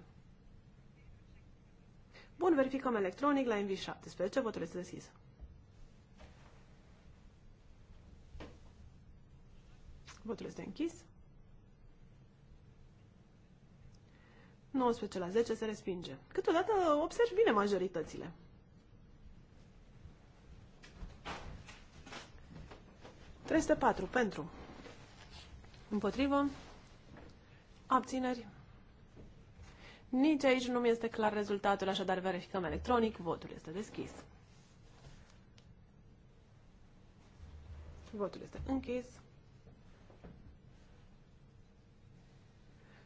Bun, verificăm electronic la MV17. Votul este deschis. Votul este închis. 19 la 10 se respinge. Câteodată observi bine majoritățile. 4 pentru. Împotrivă. Abțineri? Nici aici nu mi este clar rezultatul, așadar verificăm electronic. Votul este deschis. Votul este închis.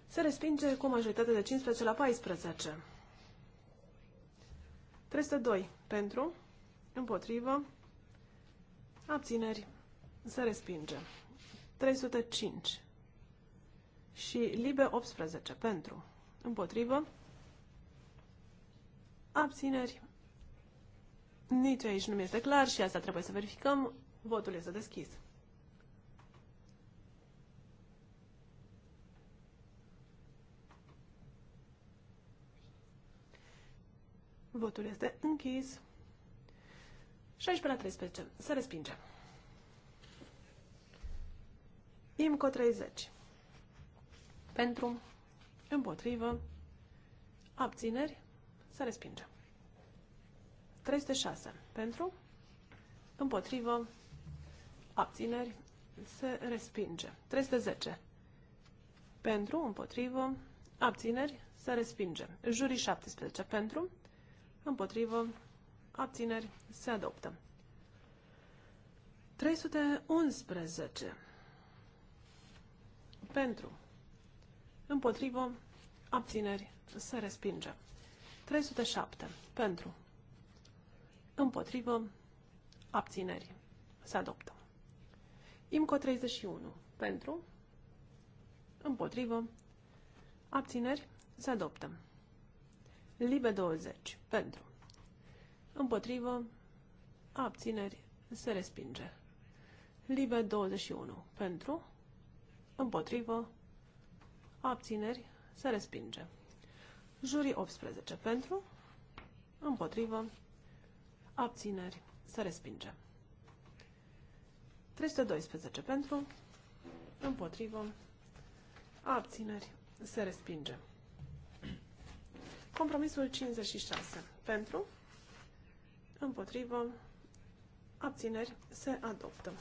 Se respinge cu majoritate de 15 la 14. 302 pentru, împotrivă, abțineri, se respinge. 305 și Libe 18 pentru. Împotrivă. Abțineri. Nici aici nu mi este clar și asta trebuie să verificăm. Votul este deschis. Votul este închis. 16 la 13. să respingem. IMCO 30 pentru, împotrivă, abțineri, să respinge. 306 pentru, împotrivă, abțineri, se respinge. 310 pentru, împotrivă, abțineri, se respinge. Jurii 17 pentru, împotrivă, abțineri, se adoptă. 311 pentru, împotrivă, abțineri, se respinge. 307. Pentru, împotrivă, abțineri, se adoptă. IMCO 31. Pentru, împotrivă, abțineri, se adoptă. Libe 20. Pentru, împotrivă, abțineri, se respinge. Libe 21. Pentru, împotrivă, abțineri, se respinge. Jurii 18 pentru, împotrivă, abțineri, se respinge. 312 pentru, împotrivă, abțineri, se respinge. Compromisul 56 pentru, împotrivă, abțineri, se adoptă.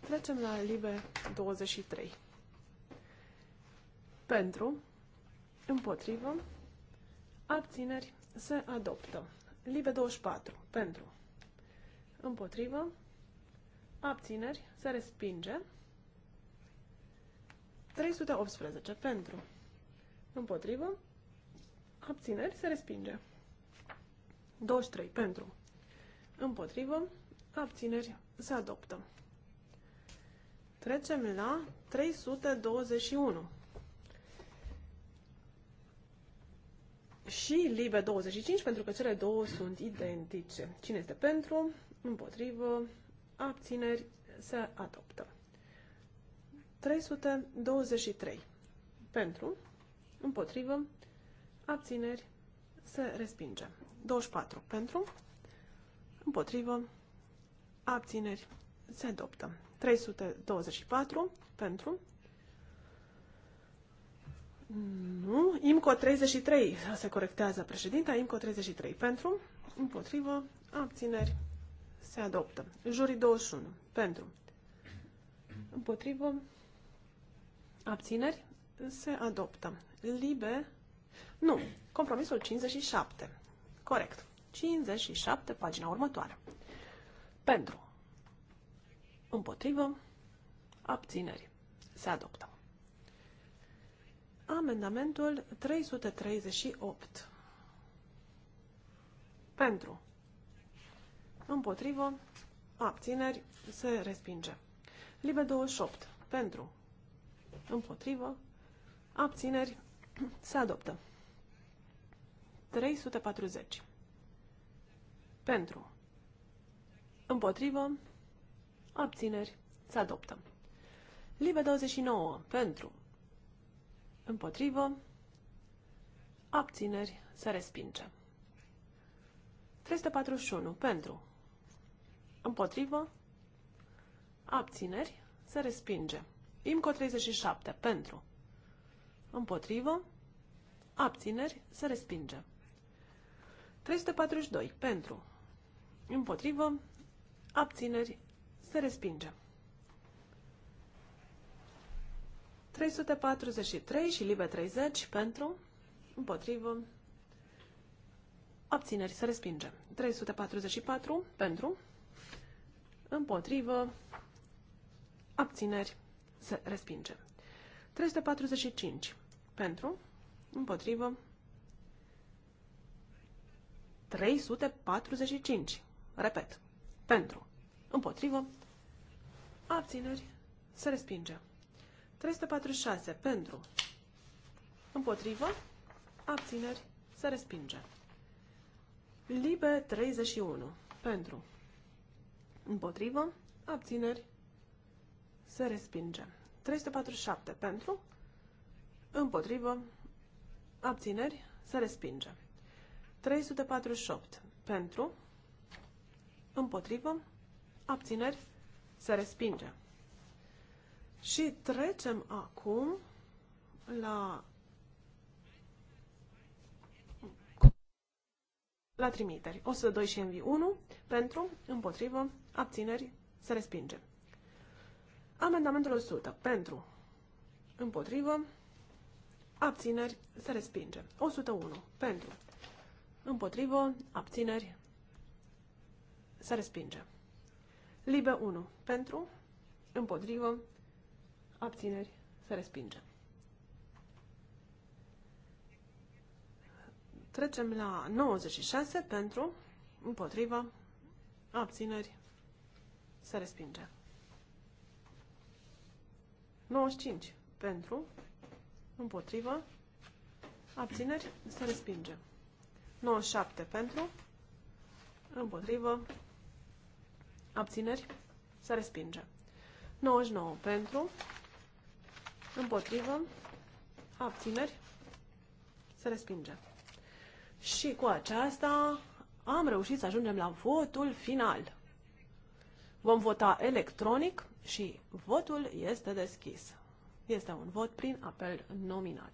Trecem la libe 23. Pentru, împotrivă, abțineri, se adoptă. Libe 24. Pentru, împotrivă, abțineri, se respinge. 318. Pentru, împotrivă, abțineri, se respinge. 23. Pentru, împotrivă, abțineri, se adoptă. Trecem la 321. și Libe 25, pentru că cele două sunt identice. Cine este pentru, împotrivă, abțineri, se adoptă. 323. Pentru, împotrivă, abțineri, se respinge. 24. Pentru, împotrivă, abțineri, se adoptă. 324. Pentru, nu, IMCO 33 se corectează președinta, IMCO 33 pentru, împotrivă, abțineri, se adoptă. Jurii 21 pentru, împotrivă, abțineri, se adoptă. Libe, nu, compromisul 57, corect, 57, pagina următoare. Pentru, împotrivă, abțineri, se adoptă. Amendamentul 338. Pentru. Împotrivă. Abțineri. Se respinge. Libe 28. Pentru. Împotrivă. Abțineri. Se adoptă. 340. Pentru. Împotrivă. Abțineri. Se adoptă. Libe 29. Pentru. Împotrivă. Abțineri. Se respinge. 341. Pentru. Împotrivă. Abțineri. Se respinge. IMCO 37. Pentru. Împotrivă. Abțineri. Se respinge. 342. Pentru. Împotrivă. Abțineri. Se respinge. 343 și libe 30 pentru, împotrivă, abțineri, să respinge. 344 pentru, împotrivă, abțineri, să respinge. 345 pentru, împotrivă, 345. Repet. Pentru. Împotrivă. Abțineri. să respinge. 346 pentru, împotrivă, abțineri, se respinge. Libe 31 pentru, împotrivă, abțineri, se respinge. 347 pentru, împotrivă, abțineri, se respinge. 348 pentru, împotrivă, abțineri, se respinge. Și trecem acum la la trimiteri. 102 și MV1 pentru, împotrivă, abțineri, se respinge. Amendamentul 100 pentru, împotrivă, abțineri, se respinge. 101 pentru, împotrivă, abțineri, se respinge. Libe 1 pentru, împotrivă, abțineri, se respinge. Trecem la 96 pentru, împotrivă, abțineri, se respinge. 95 pentru, împotrivă, abțineri, se respinge. 97 pentru, împotrivă, abțineri, se respinge. 99 pentru, Împotrivă. Abțineri. Se respinge. Și cu aceasta am reușit să ajungem la votul final. Vom vota electronic și votul este deschis. Este un vot prin apel nominal.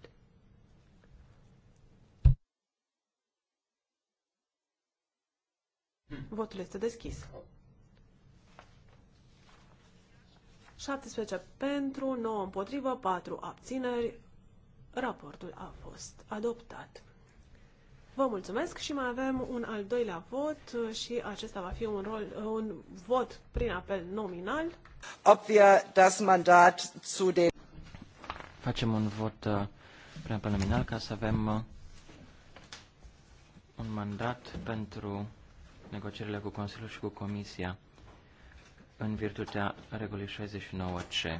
Votul este deschis. 17 pentru, 9 împotrivă, 4 abțineri. Raportul a fost adoptat. Vă mulțumesc și mai avem un al doilea vot și acesta va fi un, rol, un vot prin apel nominal. Ob wir das Mandat zu den... Facem un vot uh, prin apel nominal ca să avem uh, un mandat pentru negocierile cu Consiliul și cu Comisia în virtutea regulii 69C.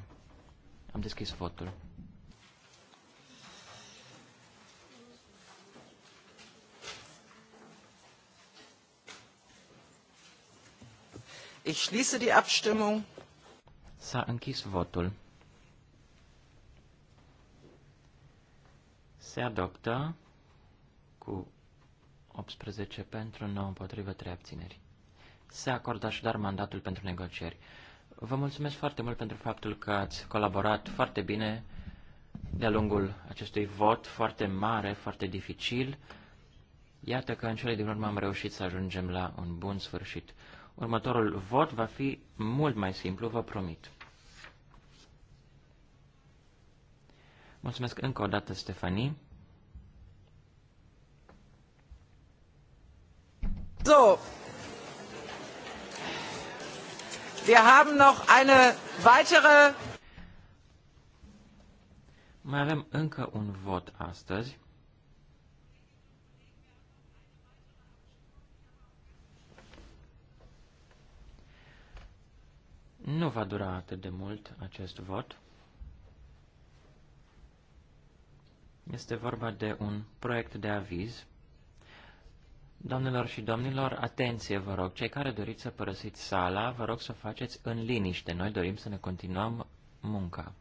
Am deschis votul. Ich schließe die Abstimmung. S-a închis votul. Se adoptă cu 18 pentru, 9 împotrivă, 3 abțineri. Se acordă așadar mandatul pentru negocieri. Vă mulțumesc foarte mult pentru faptul că ați colaborat foarte bine de-a lungul acestui vot foarte mare, foarte dificil. Iată că în cele din urmă am reușit să ajungem la un bun sfârșit. Următorul vot va fi mult mai simplu, vă promit. Mulțumesc încă o dată, Stefanie. So, Wir haben noch eine weitere mai avem încă un vot astăzi. Nu va dura atât de mult acest vot. Este vorba de un proiect de aviz Doamnelor și domnilor, atenție vă rog, cei care doriți să părăsiți sala, vă rog să o faceți în liniște, noi dorim să ne continuăm munca.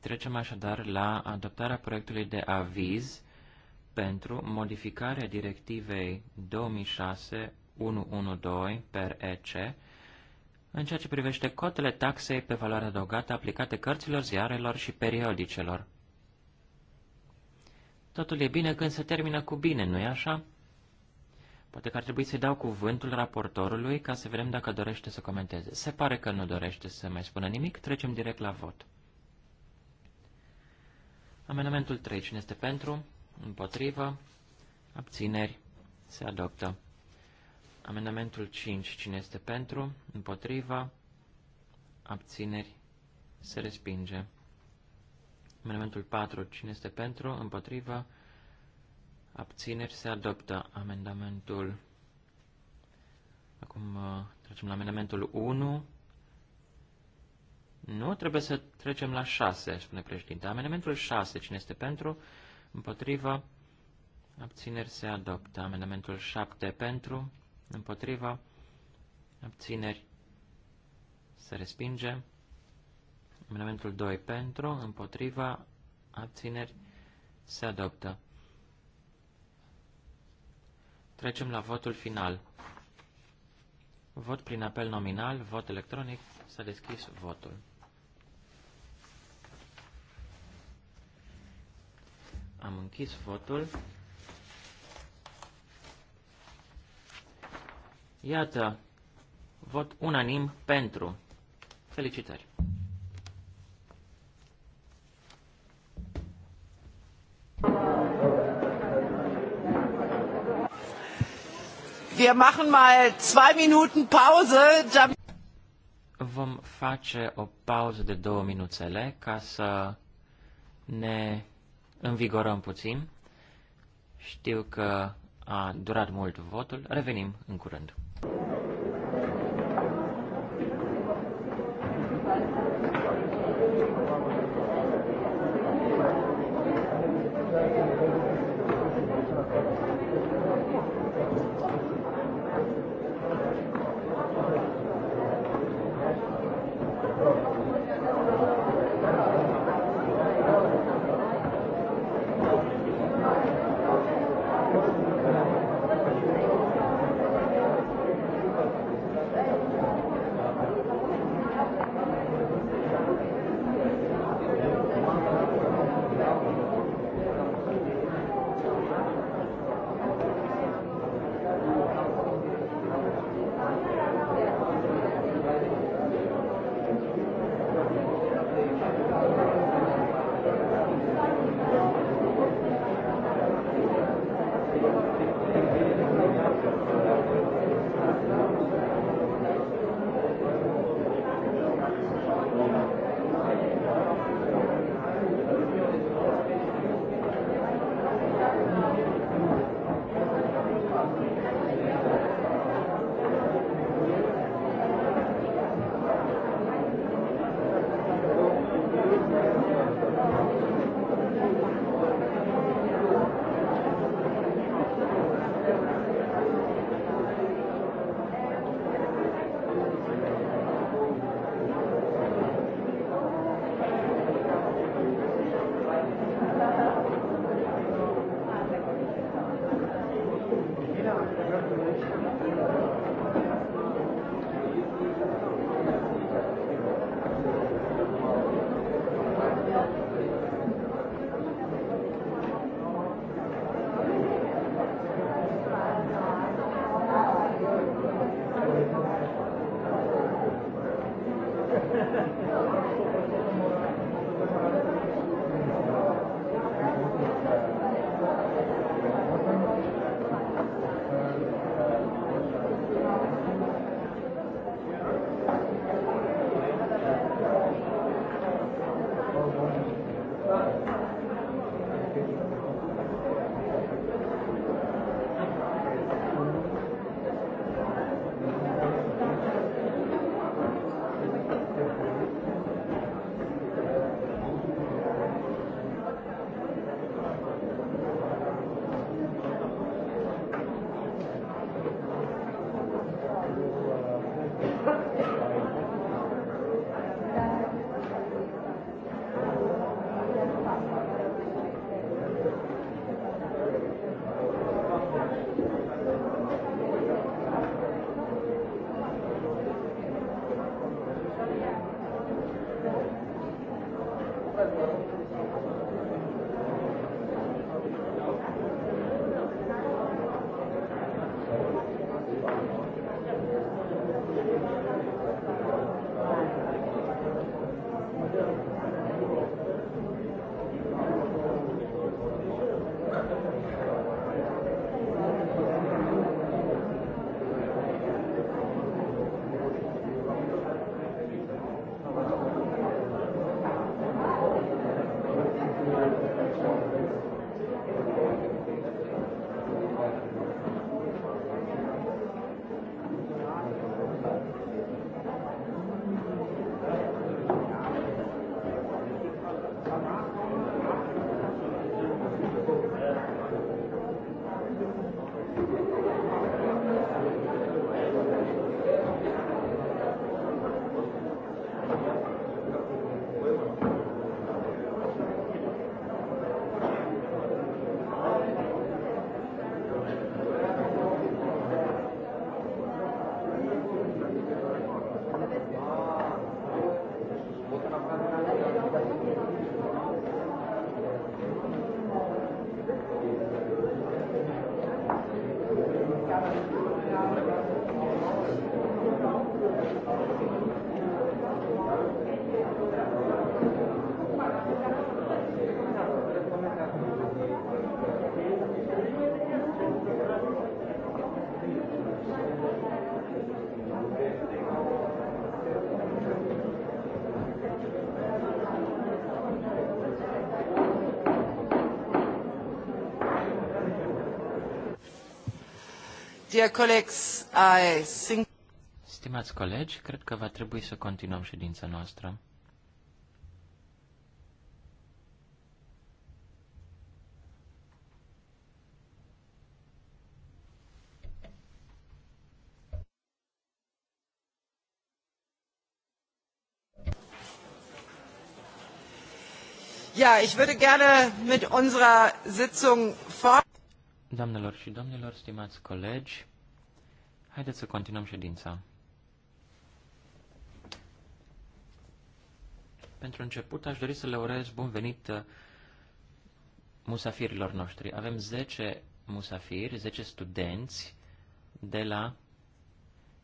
Trecem așadar la adoptarea proiectului de aviz pentru modificarea directivei 2006-112 per EC în ceea ce privește cotele taxei pe valoare adăugată aplicate cărților, ziarelor și periodicelor. Totul e bine când se termină cu bine, nu-i așa? Poate că ar trebui să-i dau cuvântul raportorului ca să vedem dacă dorește să comenteze. Se pare că nu dorește să mai spună nimic, trecem direct la vot. Amendamentul 3. Cine este pentru? Împotrivă? Abțineri? Se adoptă. Amendamentul 5. Cine este pentru? Împotrivă? Abțineri? Se respinge. Amendamentul 4. Cine este pentru? Împotrivă? Abțineri? Se adoptă. Amendamentul... Acum uh, trecem la amendamentul 1. Nu, trebuie să trecem la 6, spune președinte. Amendamentul 6. Cine este pentru? Împotrivă? Abțineri? Se adoptă. Amendamentul 7. Pentru? Împotrivă? Abțineri? Se respinge. Amendamentul 2 pentru, împotriva, abțineri, se adoptă. Trecem la votul final. Vot prin apel nominal, vot electronic, s-a deschis votul. Am închis votul. Iată, vot unanim pentru. Felicitări! Wir machen mal zwei Minuten Pause. Vom face o pauză de două minuțele ca să ne învigorăm puțin. Știu că a durat mult votul. Revenim în curând. Stimați colegi, cred că va trebui să continuăm ședința noastră. Ja, ich würde gerne mit unserer Sitzung Doamnelor și domnilor, stimați colegi, haideți să continuăm ședința. Pentru început, aș dori să le urez bun venit uh, musafirilor noștri. Avem 10 musafiri, 10 studenți de la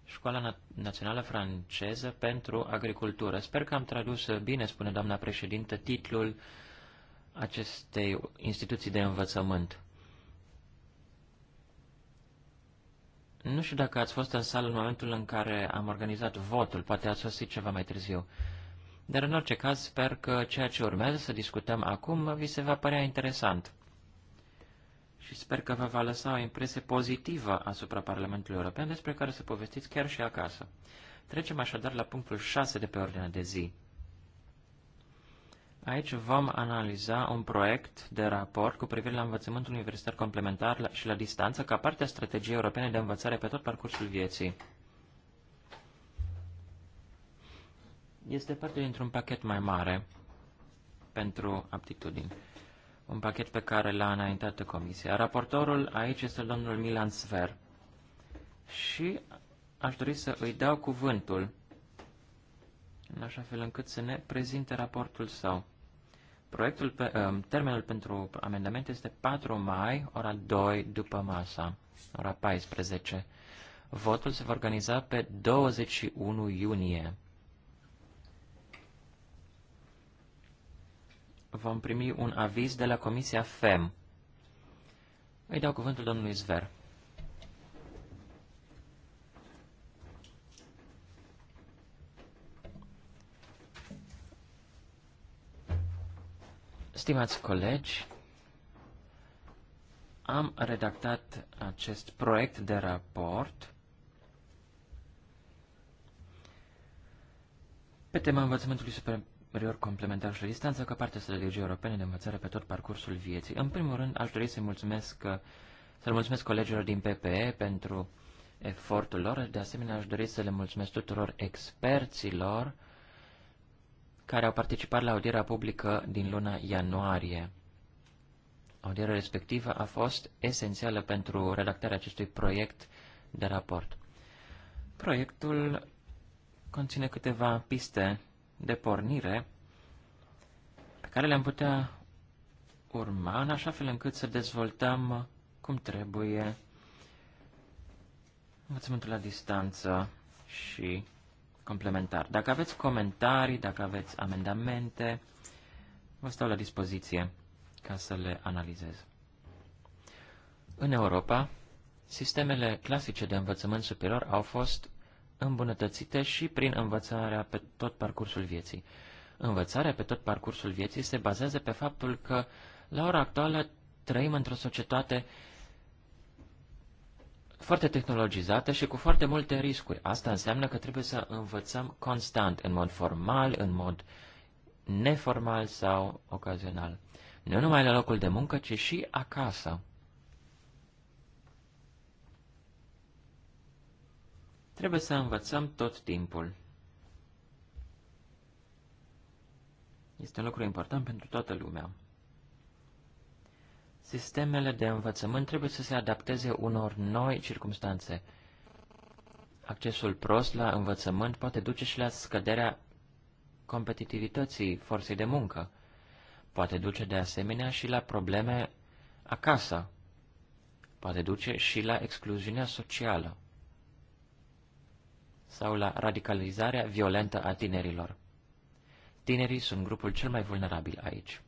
Școala Națională Franceză pentru Agricultură. Sper că am tradus bine, spune doamna președintă, titlul acestei instituții de învățământ. Nu știu dacă ați fost în sală în momentul în care am organizat votul, poate ați sosit ceva mai târziu. Dar în orice caz sper că ceea ce urmează să discutăm acum vi se va părea interesant. Și sper că vă va lăsa o impresie pozitivă asupra Parlamentului European despre care să povestiți chiar și acasă. Trecem așadar la punctul 6 de pe ordinea de zi. Aici vom analiza un proiect de raport cu privire la învățământul universitar complementar și la distanță ca parte a strategiei europene de învățare pe tot parcursul vieții. Este parte dintr-un pachet mai mare pentru aptitudini, un pachet pe care l-a înaintat Comisia. Raportorul aici este domnul Milan Sver și aș dori să îi dau cuvântul în așa fel încât să ne prezinte raportul său. Proiectul pe, um, termenul pentru amendamente este 4 mai, ora 2 după masa, ora 14. Votul se va organiza pe 21 iunie. Vom primi un aviz de la Comisia FEM. Îi dau cuvântul domnului Zver. Stimați colegi, am redactat acest proiect de raport pe tema învățământului superior complementar și la distanță ca parte a strategiei europene de învățare pe tot parcursul vieții. În primul rând, aș dori să-i mulțumesc, să mulțumesc colegilor din PPE pentru efortul lor. De asemenea, aș dori să le mulțumesc tuturor experților care au participat la audierea publică din luna ianuarie. Audierea respectivă a fost esențială pentru redactarea acestui proiect de raport. Proiectul conține câteva piste de pornire pe care le-am putea urma în așa fel încât să dezvoltăm cum trebuie învățământul la distanță și complementar. Dacă aveți comentarii, dacă aveți amendamente, vă stau la dispoziție ca să le analizez. În Europa, sistemele clasice de învățământ superior au fost îmbunătățite și prin învățarea pe tot parcursul vieții. Învățarea pe tot parcursul vieții se bazează pe faptul că, la ora actuală, trăim într-o societate foarte tehnologizată și cu foarte multe riscuri. Asta înseamnă că trebuie să învățăm constant, în mod formal, în mod neformal sau ocazional. Nu numai la locul de muncă, ci și acasă. Trebuie să învățăm tot timpul. Este un lucru important pentru toată lumea. Sistemele de învățământ trebuie să se adapteze unor noi circumstanțe. Accesul prost la învățământ poate duce și la scăderea competitivității forței de muncă. Poate duce de asemenea și la probleme acasă. Poate duce și la excluziunea socială sau la radicalizarea violentă a tinerilor. Tinerii sunt grupul cel mai vulnerabil aici.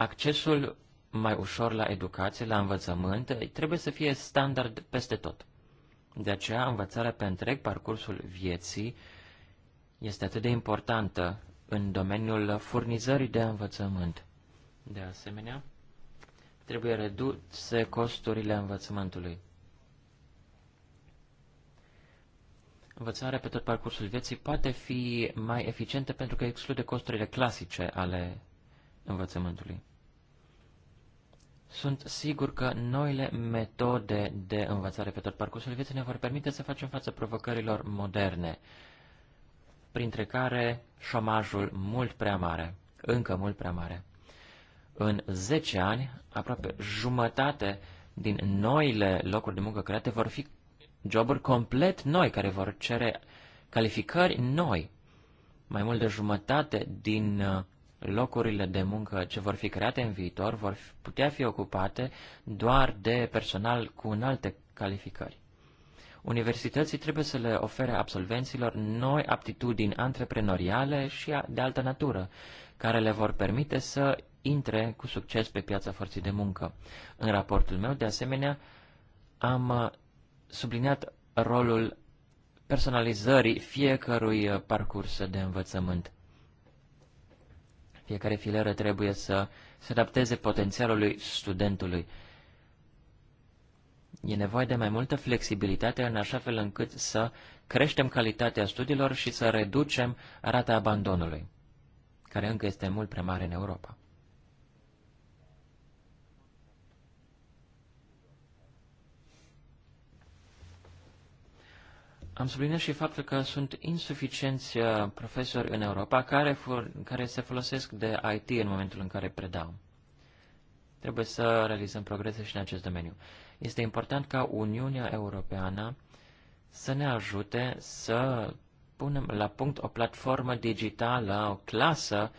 accesul mai ușor la educație, la învățământ, trebuie să fie standard peste tot. De aceea, învățarea pe întreg parcursul vieții este atât de importantă în domeniul furnizării de învățământ. De asemenea, trebuie reduse costurile învățământului. Învățarea pe tot parcursul vieții poate fi mai eficientă pentru că exclude costurile clasice ale învățământului. Sunt sigur că noile metode de învățare pe tot parcursul vieții ne vor permite să facem față provocărilor moderne, printre care șomajul mult prea mare, încă mult prea mare. În 10 ani, aproape jumătate din noile locuri de muncă create vor fi joburi complet noi, care vor cere calificări noi. Mai mult de jumătate din uh, locurile de muncă ce vor fi create în viitor vor putea fi ocupate doar de personal cu înalte calificări. Universității trebuie să le ofere absolvenților noi aptitudini antreprenoriale și de altă natură, care le vor permite să intre cu succes pe piața forții de muncă. În raportul meu, de asemenea, am uh, subliniat rolul personalizării fiecărui uh, parcurs de învățământ. Fiecare filieră trebuie să se adapteze potențialului studentului. E nevoie de mai multă flexibilitate în așa fel încât să creștem calitatea studiilor și să reducem rata abandonului, care încă este mult prea mare în Europa. Am subliniat și faptul că sunt insuficienți uh, profesori în Europa care, care se folosesc de IT în momentul în care predau. Trebuie să realizăm progrese și în acest domeniu. Este important ca Uniunea Europeană să ne ajute să punem la punct o platformă digitală, o clasă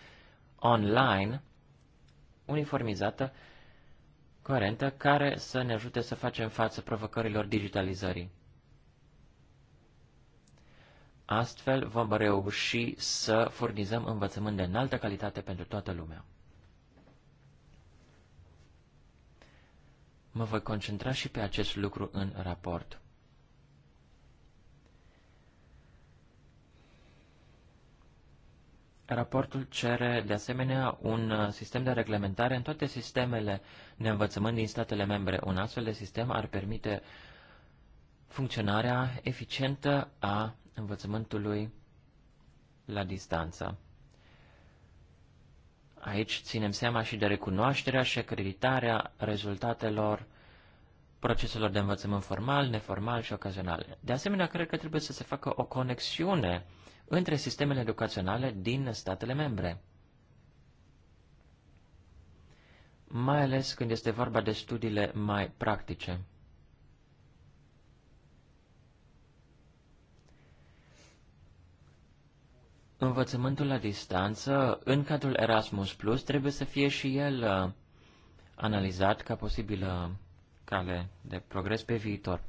online uniformizată, coerentă, care să ne ajute să facem față provocărilor digitalizării. Astfel vom reuși să furnizăm învățământ de înaltă calitate pentru toată lumea. Mă voi concentra și pe acest lucru în raport. Raportul cere, de asemenea, un sistem de reglementare în toate sistemele de învățământ din statele membre. Un astfel de sistem ar permite funcționarea eficientă a învățământului la distanță. Aici ținem seama și de recunoașterea și acreditarea rezultatelor proceselor de învățământ formal, neformal și ocazional. De asemenea, cred că trebuie să se facă o conexiune între sistemele educaționale din statele membre. Mai ales când este vorba de studiile mai practice. învățământul la distanță, în cadrul Erasmus Plus, trebuie să fie și el uh, analizat ca posibilă cale de progres pe viitor.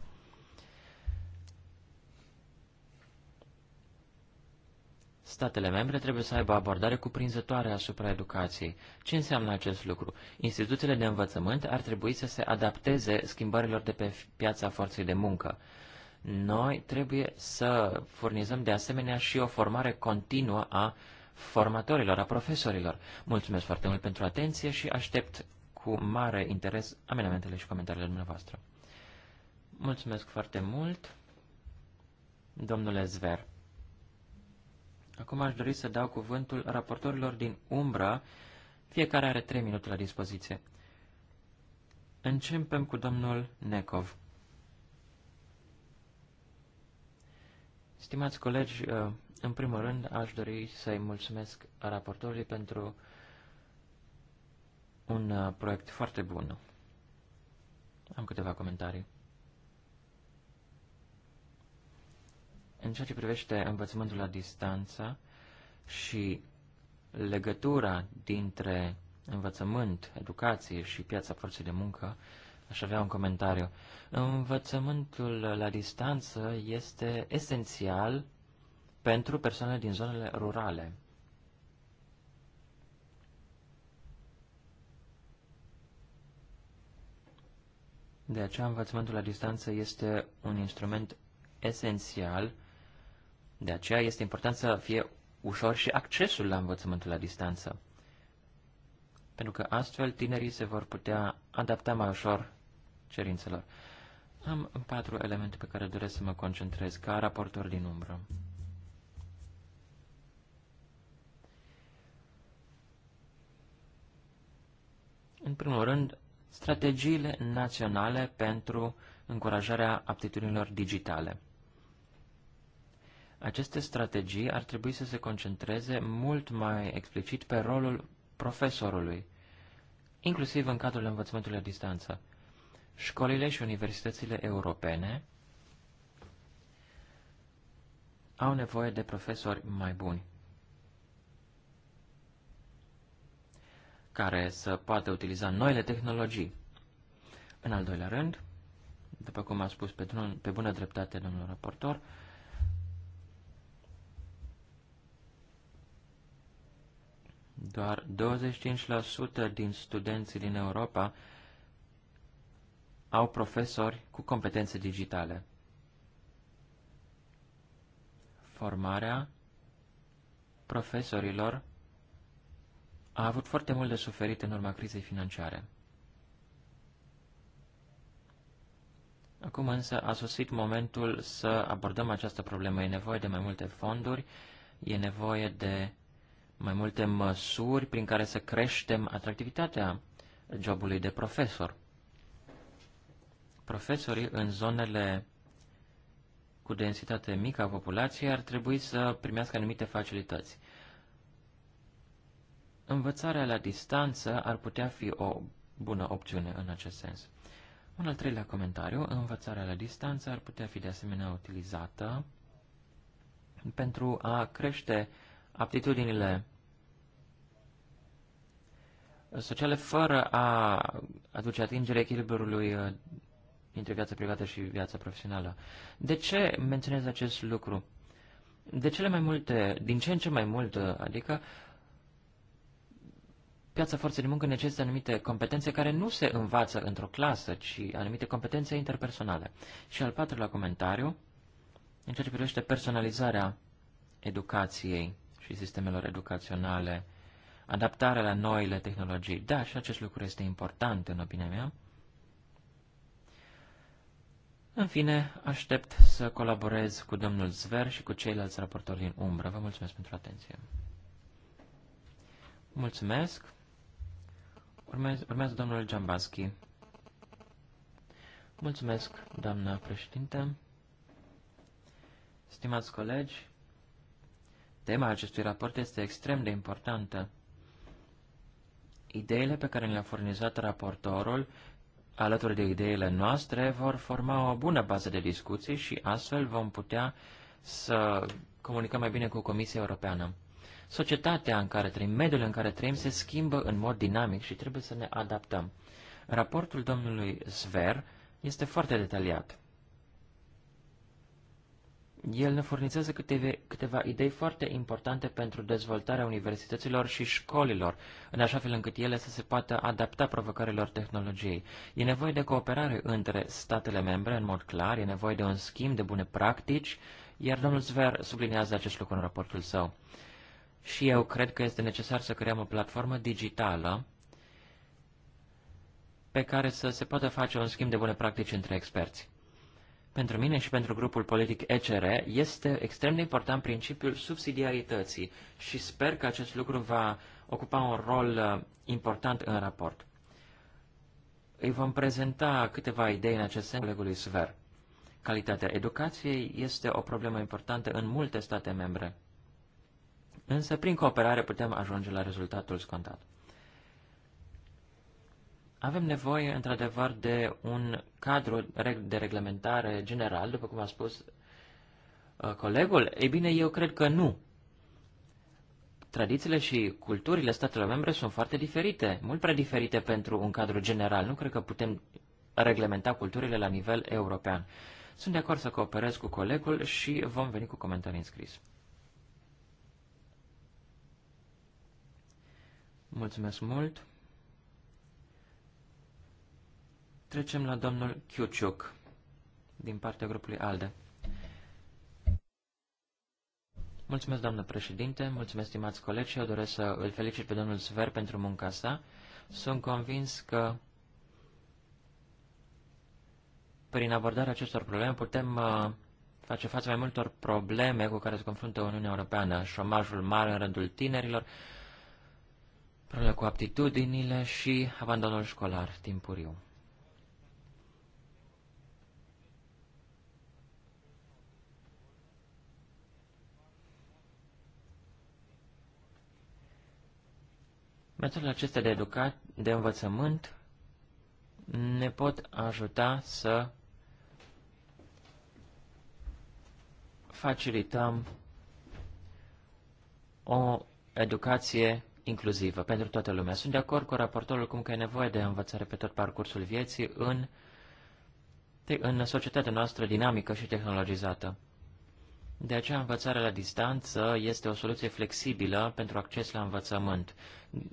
Statele membre trebuie să aibă abordare cuprinzătoare asupra educației. Ce înseamnă acest lucru? Instituțiile de învățământ ar trebui să se adapteze schimbărilor de pe piața forței de muncă. Noi trebuie să furnizăm de asemenea și o formare continuă a formatorilor, a profesorilor. Mulțumesc foarte mult pentru atenție și aștept cu mare interes amenamentele și comentariile dumneavoastră. Mulțumesc foarte mult, domnule Zver. Acum aș dori să dau cuvântul raportorilor din umbra. Fiecare are trei minute la dispoziție. Începem cu domnul Nekov. Stimați colegi, uh, în primul rând aș dori să-i mulțumesc raportorului pentru un uh, proiect foarte bun. Am câteva comentarii. În ceea ce privește învățământul la distanță și legătura dintre învățământ, educație și piața forței de muncă, Aș avea un comentariu. Învățământul la distanță este esențial pentru persoanele din zonele rurale. De aceea, învățământul la distanță este un instrument esențial, de aceea este important să fie ușor și accesul la învățământul la distanță. Pentru că astfel tinerii se vor putea adapta mai ușor cerințelor. Am patru elemente pe care doresc să mă concentrez ca raportor din umbră. În primul rând, strategiile naționale pentru încurajarea aptitudinilor digitale. Aceste strategii ar trebui să se concentreze mult mai explicit pe rolul profesorului, inclusiv în cadrul învățământului la distanță. Școlile și universitățile europene au nevoie de profesori mai buni, care să poată utiliza noile tehnologii. În al doilea rând, după cum a spus pe, pe bună dreptate domnul raportor, doar 25% din studenții din Europa au profesori cu competențe digitale. Formarea profesorilor a avut foarte mult de suferit în urma crizei financiare. Acum însă a sosit momentul să abordăm această problemă. E nevoie de mai multe fonduri, e nevoie de mai multe măsuri prin care să creștem atractivitatea jobului de profesor profesorii în zonele cu densitate mică a populației ar trebui să primească anumite facilități. Învățarea la distanță ar putea fi o bună opțiune în acest sens. Un al treilea comentariu, învățarea la distanță ar putea fi de asemenea utilizată pentru a crește aptitudinile sociale fără a aduce atingere echilibrului uh, între viața privată și viața profesională. De ce menționez acest lucru? De cele mai multe, din ce în ce mai mult, adică piața forței de muncă necesită anumite competențe care nu se învață într-o clasă, ci anumite competențe interpersonale. Și al patrulea comentariu, în ceea ce privește personalizarea educației și sistemelor educaționale, adaptarea la noile tehnologii. Da, și acest lucru este important, în opinia mea. În fine, aștept să colaborez cu domnul Zver și cu ceilalți raportori din umbră. Vă mulțumesc pentru atenție. Mulțumesc. Urmează, urmează domnul Giambaschi. Mulțumesc, doamnă președinte. Stimați colegi, tema acestui raport este extrem de importantă. Ideile pe care le-a furnizat raportorul alături de ideile noastre, vor forma o bună bază de discuții și astfel vom putea să comunicăm mai bine cu Comisia Europeană. Societatea în care trăim, mediul în care trăim, se schimbă în mod dinamic și trebuie să ne adaptăm. Raportul domnului Sver este foarte detaliat. El ne furnizează câteve, câteva idei foarte importante pentru dezvoltarea universităților și școlilor, în așa fel încât ele să se poată adapta provocărilor tehnologiei. E nevoie de cooperare între statele membre, în mod clar, e nevoie de un schimb de bune practici, iar domnul Zver sublinează acest lucru în raportul său. Și eu cred că este necesar să creăm o platformă digitală pe care să se poată face un schimb de bune practici între experți. Pentru mine și pentru grupul politic ECR este extrem de important principiul subsidiarității și sper că acest lucru va ocupa un rol uh, important în raport. Îi vom prezenta câteva idei în acest sens colegului Sver. Calitatea educației este o problemă importantă în multe state membre, însă prin cooperare putem ajunge la rezultatul scontat. Avem nevoie, într-adevăr, de un cadru de reglementare general, după cum a spus uh, colegul. Ei bine, eu cred că nu. Tradițiile și culturile statelor membre sunt foarte diferite, mult prea diferite pentru un cadru general. Nu cred că putem reglementa culturile la nivel european. Sunt de acord să cooperez cu colegul și vom veni cu comentarii în scris. Mulțumesc mult! Trecem la domnul Chiuciuc, din partea grupului ALDE. Mulțumesc, doamnă președinte, mulțumesc, stimați colegi, eu doresc să îl felicit pe domnul Sver pentru munca sa. Sunt convins că prin abordarea acestor probleme putem uh, face față mai multor probleme cu care se confruntă Uniunea Europeană, șomajul mare în rândul tinerilor, probleme cu aptitudinile și abandonul școlar timpuriu. Metodele acestea de educat, de învățământ, ne pot ajuta să facilităm o educație inclusivă pentru toată lumea. Sunt de acord cu raportorul cum că e nevoie de învățare pe tot parcursul vieții în, în societatea noastră dinamică și tehnologizată. De aceea, învățarea la distanță este o soluție flexibilă pentru acces la învățământ.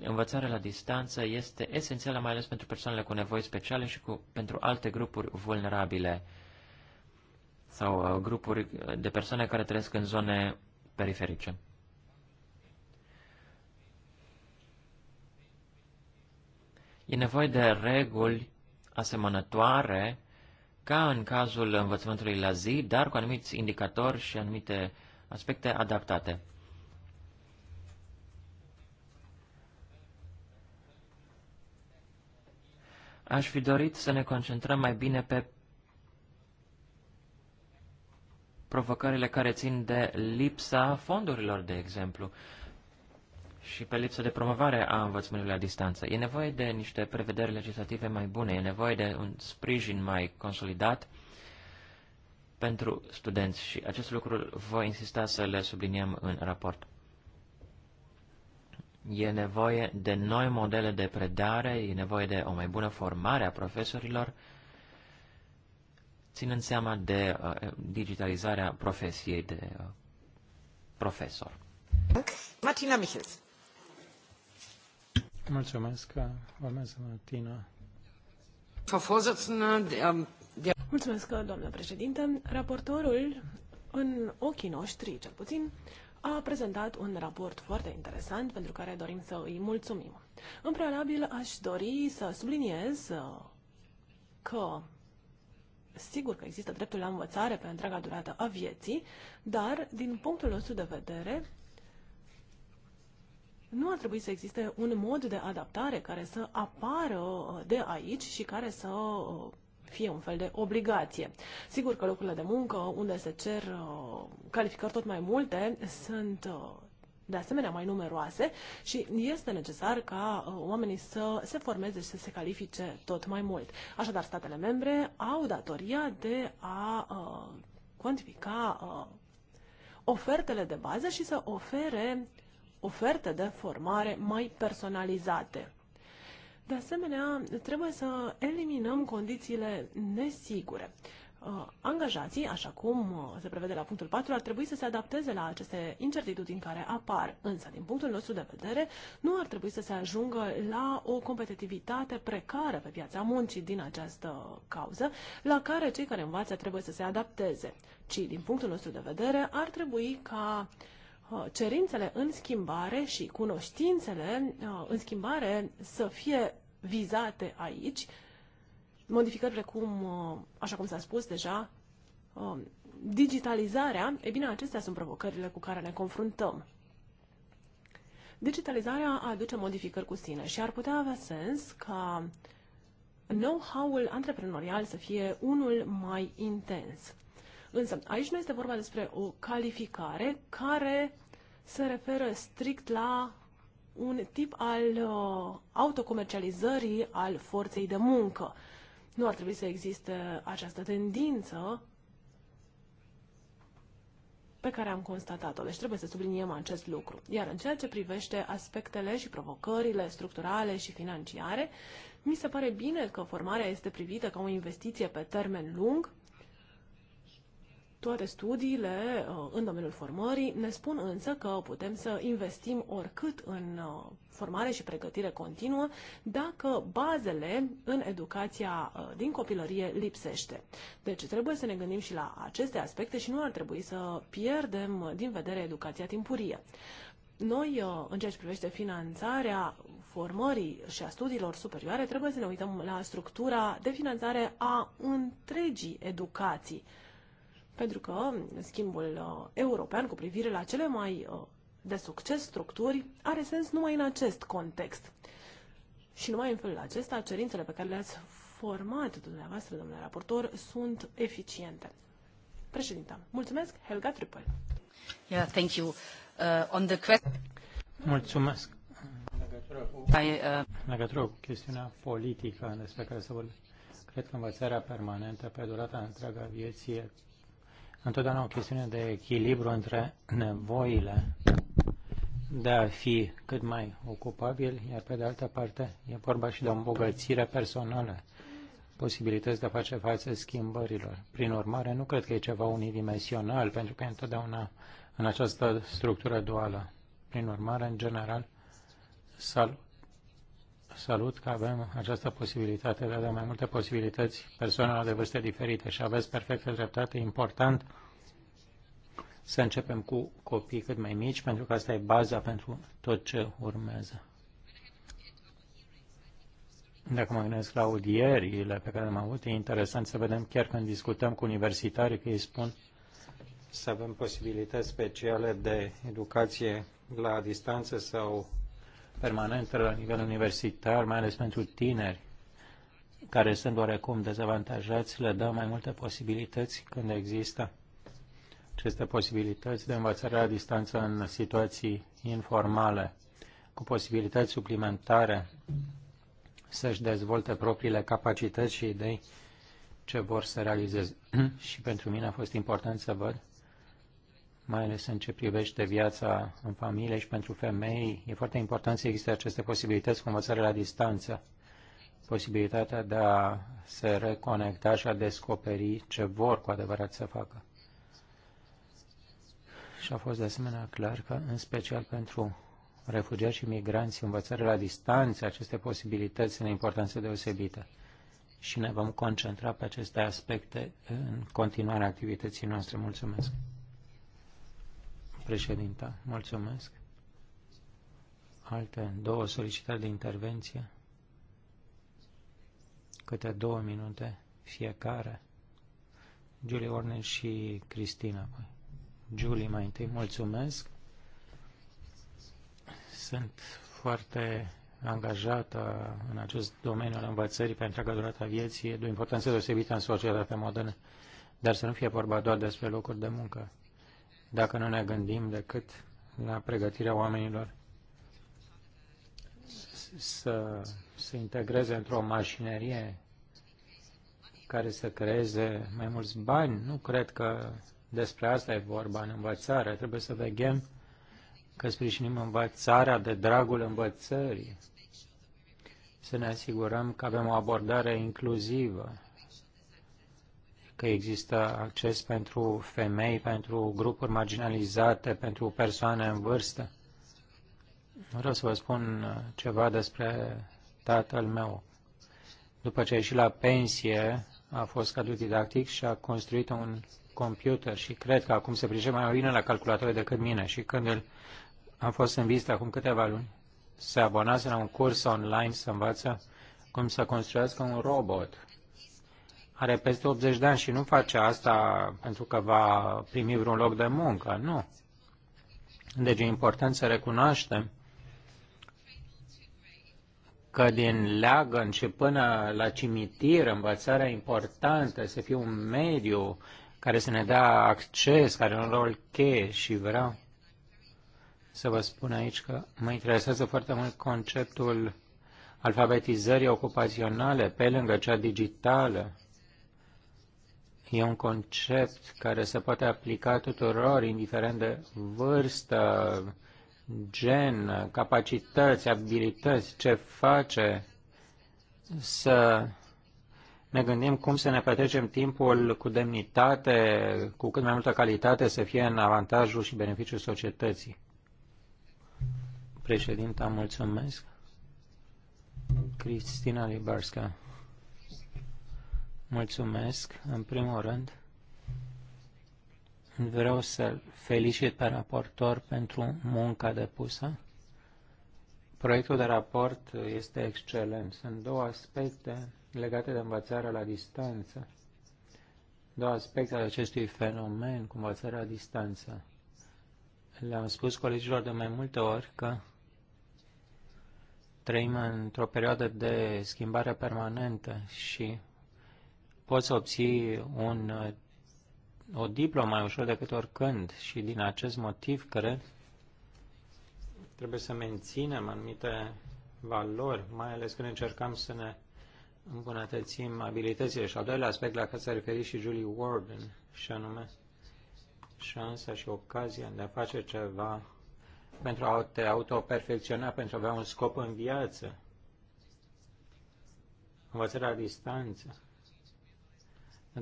Învățarea la distanță este esențială mai ales pentru persoanele cu nevoi speciale și cu, pentru alte grupuri vulnerabile sau uh, grupuri de persoane care trăiesc în zone periferice. E nevoie de reguli asemănătoare ca în cazul învățământului la zi, dar cu anumiți indicatori și anumite aspecte adaptate. Aș fi dorit să ne concentrăm mai bine pe provocările care țin de lipsa fondurilor, de exemplu și pe lipsă de promovare a învățământului la distanță. E nevoie de niște prevederi legislative mai bune, e nevoie de un sprijin mai consolidat pentru studenți și acest lucru voi insista să le subliniem în raport. E nevoie de noi modele de predare, e nevoie de o mai bună formare a profesorilor, ținând seama de uh, digitalizarea profesiei de uh, profesor. Martina Michels. Mulțumesc. Urmează Martina. Mulțumesc, doamnă președinte. Raportorul, în ochii noștri, cel puțin, a prezentat un raport foarte interesant pentru care dorim să îi mulțumim. În prealabil, aș dori să subliniez uh, că sigur că există dreptul la învățare pe întreaga durată a vieții, dar, din punctul nostru de vedere, nu ar trebui să existe un mod de adaptare care să apară uh, de aici și care să uh, fie un fel de obligație. Sigur că locurile de muncă, unde se cer uh, calificări tot mai multe, sunt de asemenea mai numeroase și este necesar ca oamenii să se formeze și să se califice tot mai mult. Așadar, statele membre au datoria de a cuantifica ofertele de bază și să ofere oferte de formare mai personalizate. De asemenea, trebuie să eliminăm condițiile nesigure. Uh, angajații, așa cum uh, se prevede la punctul 4, ar trebui să se adapteze la aceste incertitudini care apar, însă, din punctul nostru de vedere, nu ar trebui să se ajungă la o competitivitate precară pe piața muncii din această cauză, la care cei care învață trebuie să se adapteze, ci, din punctul nostru de vedere, ar trebui ca uh, Uh, cerințele în schimbare și cunoștințele uh, în schimbare să fie vizate aici, modificări precum, uh, așa cum s-a spus deja, digitalizarea, e bine, acestea sunt provocările cu care ne confruntăm. Digitalizarea aduce modificări cu sine și ar putea avea sens ca know-how-ul antreprenorial să fie unul mai intens. Însă, aici nu este vorba despre o calificare care se referă strict la un tip al uh, autocomercializării al forței de muncă. Nu ar trebui să existe această tendință pe care am constatat-o. Deci trebuie să subliniem acest lucru. Iar în ceea ce privește aspectele și provocările structurale și financiare, mi se pare bine că formarea este privită ca o investiție pe termen lung toate studiile uh, în domeniul formării ne spun însă că putem să investim oricât în uh, formare și pregătire continuă dacă bazele în educația uh, din copilărie lipsește. Deci trebuie să ne gândim și la aceste aspecte și nu ar trebui să pierdem din vedere educația timpurie. Noi, în ceea ce privește finanțarea formării și a studiilor superioare, trebuie să ne uităm la structura de finanțare a întregii educații pentru că schimbul uh, european cu privire la cele mai uh, de succes structuri are sens numai în acest context. Și numai în felul acesta, cerințele pe care le-ați format dumneavoastră, domnule raportor, sunt eficiente. Președinta, mulțumesc, Helga Trippel. Yeah, thank you. Uh, on the question... Mulțumesc. Uh, în legătură, cu, chestiunea politică despre care să vorbim, cred că învățarea permanentă pe durata întreaga vieții întotdeauna o chestiune de echilibru între nevoile de a fi cât mai ocupabil, iar pe de altă parte e vorba și de o îmbogățire personală, posibilități de a face față schimbărilor. Prin urmare, nu cred că e ceva unidimensional, pentru că e întotdeauna în această structură duală. Prin urmare, în general, salut salut că avem această posibilitate de a da mai multe posibilități persoanelor de vârste diferite și aveți perfectă dreptate, important să începem cu copii cât mai mici, pentru că asta e baza pentru tot ce urmează. Dacă mă gândesc la audierile pe care le-am avut, e interesant să vedem chiar când discutăm cu universitari că ei spun să avem posibilități speciale de educație la distanță sau permanentă la nivel universitar, mai ales pentru tineri care sunt oarecum dezavantajați, le dă mai multe posibilități când există aceste posibilități de învățare la distanță în situații informale, cu posibilități suplimentare să-și dezvolte propriile capacități și idei ce vor să realizeze. și pentru mine a fost important să văd mai ales în ce privește viața în familie și pentru femei, e foarte important să existe aceste posibilități cu învățare la distanță, posibilitatea de a se reconecta și a descoperi ce vor cu adevărat să facă. Și a fost de asemenea clar că, în special pentru refugiați și migranți, învățarea la distanță, aceste posibilități sunt de importanță deosebită. Și ne vom concentra pe aceste aspecte în continuarea activității noastre. Mulțumesc! Președinta, mulțumesc. Alte două solicitări de intervenție. Câte două minute fiecare. Julie Ornel și Cristina. Julie, mai întâi, mulțumesc. Sunt foarte angajată în acest domeniu al învățării pe întreaga durată a vieții, de o importanță deosebită în societatea modernă, dar să nu fie vorba doar despre locuri de muncă dacă nu ne gândim decât la pregătirea oamenilor să se integreze într-o mașinerie care să creeze mai mulți bani. Nu cred că despre asta e vorba în învățare. Trebuie să vegem că sprijinim învățarea de dragul învățării. Să ne asigurăm că avem o abordare inclusivă că există acces pentru femei, pentru grupuri marginalizate, pentru persoane în vârstă. Vreau să vă spun ceva despre tatăl meu. După ce a ieșit la pensie, a fost cadru didactic și a construit un computer și cred că acum se pricepe mai bine la calculatoare decât mine. Și când el a fost în vizită acum câteva luni, se abonase la un curs online să învață cum să construiască un robot are peste 80 de ani și nu face asta pentru că va primi vreun loc de muncă, nu. Deci e important să recunoaștem că din leagă și până la cimitir învățarea importantă să fie un mediu care să ne dea acces, care are un rol cheie și vreau să vă spun aici că mă interesează foarte mult conceptul alfabetizării ocupaționale pe lângă cea digitală E un concept care se poate aplica tuturor, indiferent de vârstă, gen, capacități, abilități, ce face să ne gândim cum să ne petrecem timpul cu demnitate, cu cât mai multă calitate, să fie în avantajul și beneficiul societății. Președinta, mulțumesc. Cristina Libarska. Mulțumesc. În primul rând, vreau să-l felicit pe raportor pentru munca depusă. Proiectul de raport este excelent. Sunt două aspecte legate de învățarea la distanță. Două aspecte ale acestui fenomen cu învățarea la distanță. Le-am spus colegilor de mai multe ori că trăim într-o perioadă de schimbare permanentă și poți să obții un, o diplomă mai ușor decât oricând și din acest motiv cred trebuie să menținem anumite valori, mai ales când încercăm să ne îmbunătățim abilitățile. Și al doilea aspect la care s-a referit și Julie Warden, și anume șansa și ocazia de a face ceva pentru a te autoperfecționa, pentru a avea un scop în viață. Învățarea la distanță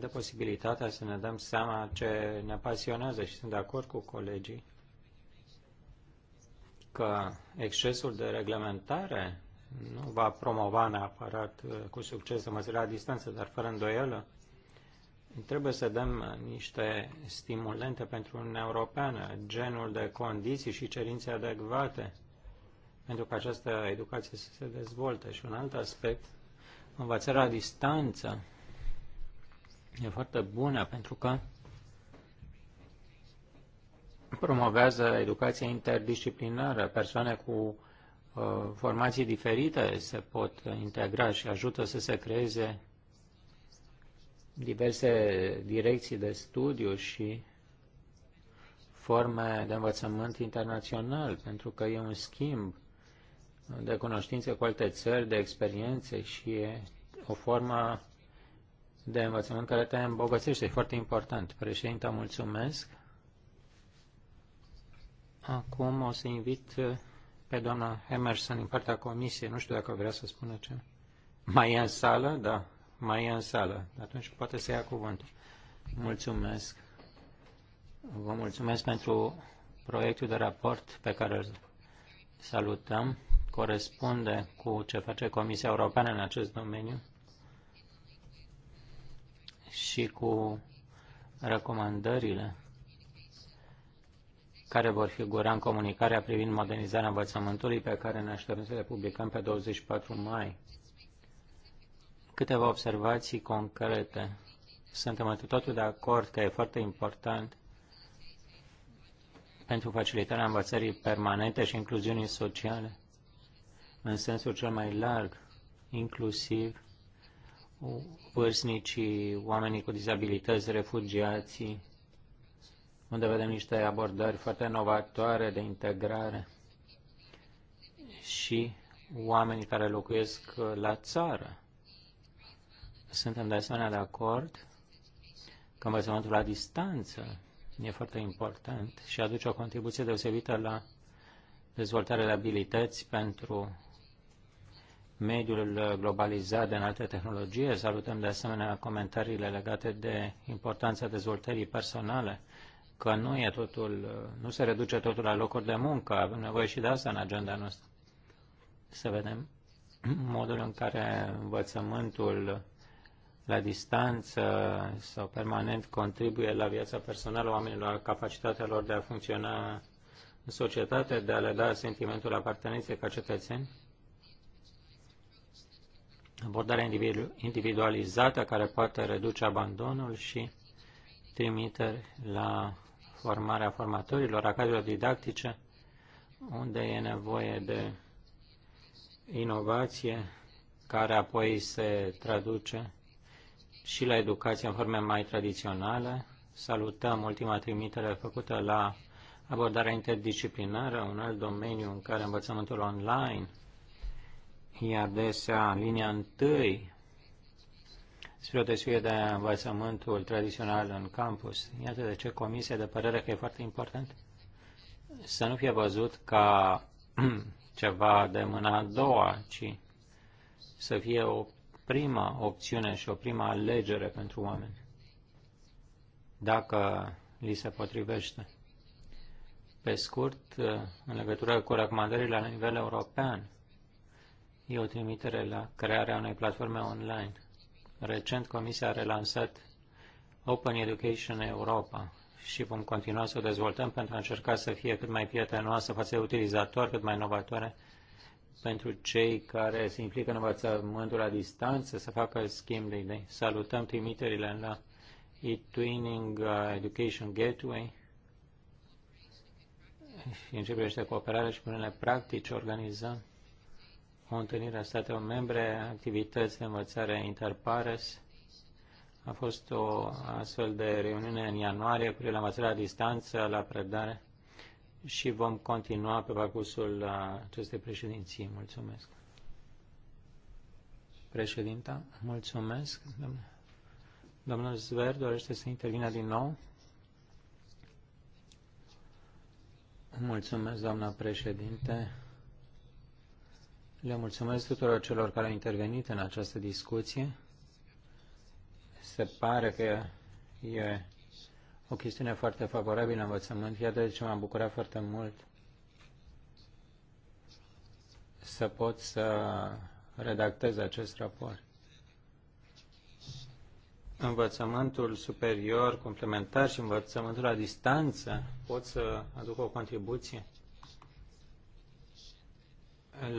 ne dă posibilitatea să ne dăm seama ce ne pasionează și sunt de acord cu colegii că excesul de reglementare nu va promova neapărat uh, cu succes măsura distanță, dar fără îndoială trebuie să dăm niște stimulente pentru Uniunea Europeană, genul de condiții și cerințe adecvate pentru că această educație să se dezvolte. Și un alt aspect, învățarea la distanță, e foarte bună pentru că promovează educația interdisciplinară. Persoane cu uh, formații diferite se pot integra și ajută să se creeze diverse direcții de studiu și forme de învățământ internațional, pentru că e un schimb de cunoștințe cu alte țări, de experiențe și e o formă de învățământ care te îmbogățește. E foarte important. Președinta, mulțumesc. Acum o să invit uh, pe doamna Emerson din partea comisiei. Nu știu dacă vrea să spună ce. Mai e în sală? Da, mai e în sală. Atunci poate să ia cuvântul. Mulțumesc. Vă mulțumesc pentru proiectul de raport pe care îl salutăm. Corespunde cu ce face Comisia Europeană în acest domeniu și cu recomandările care vor figura în comunicarea privind modernizarea învățământului pe care ne așteptăm să le publicăm pe 24 mai. Câteva observații concrete. Suntem atât totul de acord că e foarte important pentru facilitarea învățării permanente și incluziunii sociale, în sensul cel mai larg, inclusiv vârstnicii, oamenii cu dizabilități, refugiații, unde vedem niște abordări foarte novatoare de integrare și oamenii care locuiesc la țară. Suntem de asemenea de acord că învățământul la distanță e foarte important și aduce o contribuție deosebită la dezvoltarea de abilități pentru mediul globalizat de înaltă tehnologie. Salutăm de asemenea comentariile legate de importanța dezvoltării personale, că nu, e totul, nu se reduce totul la locuri de muncă. Avem nevoie și de asta în agenda noastră. Să vedem modul în care învățământul la distanță sau permanent contribuie la viața personală oamenilor, la capacitatea lor de a funcționa în societate, de a le da sentimentul apartenenței ca cetățeni abordarea individualizată care poate reduce abandonul și trimitere la formarea formatorilor, a cadrelor didactice, unde e nevoie de inovație care apoi se traduce și la educație în forme mai tradiționale. Salutăm ultima trimitere făcută la abordarea interdisciplinară, un alt domeniu în care învățământul online e adesea linia întâi spre o desfie de învățământul tradițional în campus. Iată de ce comisia de părere că e foarte important să nu fie văzut ca ceva de mâna a doua, ci să fie o prima opțiune și o prima alegere pentru oameni, dacă li se potrivește. Pe scurt, în legătură cu recomandările la nivel european, E o trimitere la crearea unei platforme online. Recent, Comisia a relansat Open Education Europa și vom continua să o dezvoltăm pentru a încerca să fie cât mai prietenoasă față de utilizator, cât mai inovatoare pentru cei care se implică în învățământul la distanță, să facă schimb de idei. Salutăm trimiterile la eTwinning uh, Education Gateway și începește cooperarea și punele practice, organizăm o întâlnire a statelor membre, activități de învățare interpares. A fost o astfel de reuniune în ianuarie cu la învățarea la distanță, la predare și vom continua pe parcursul acestei președinții. Mulțumesc. Președinta, mulțumesc. Domnul Zver dorește să intervină din nou. Mulțumesc, doamna președinte. Le mulțumesc tuturor celor care au intervenit în această discuție. Se pare că e o chestiune foarte favorabilă învățământ. Iată de ce m-am bucurat foarte mult să pot să redactez acest raport. Învățământul superior, complementar și învățământul la distanță pot să aduc o contribuție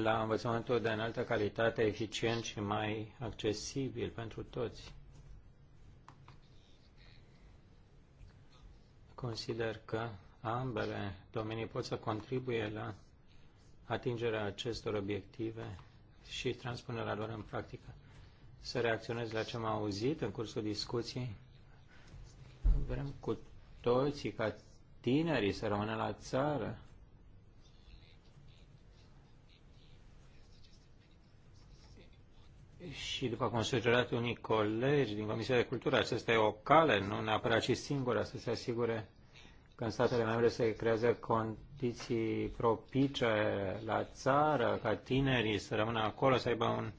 la învățământul de înaltă calitate, eficient și mai accesibil pentru toți. Consider că ambele domenii pot să contribuie la atingerea acestor obiective și transpunerea lor în practică. Să reacționez la ce am auzit în cursul discuției. Vrem cu toții ca tinerii să rămână la țară Și după cum au sugerat unii colegi din Comisia de Cultură, acesta e o cale, nu neapărat și singura, să se asigure că în statele membre se creează condiții propice la țară, ca tinerii să rămână acolo, să aibă un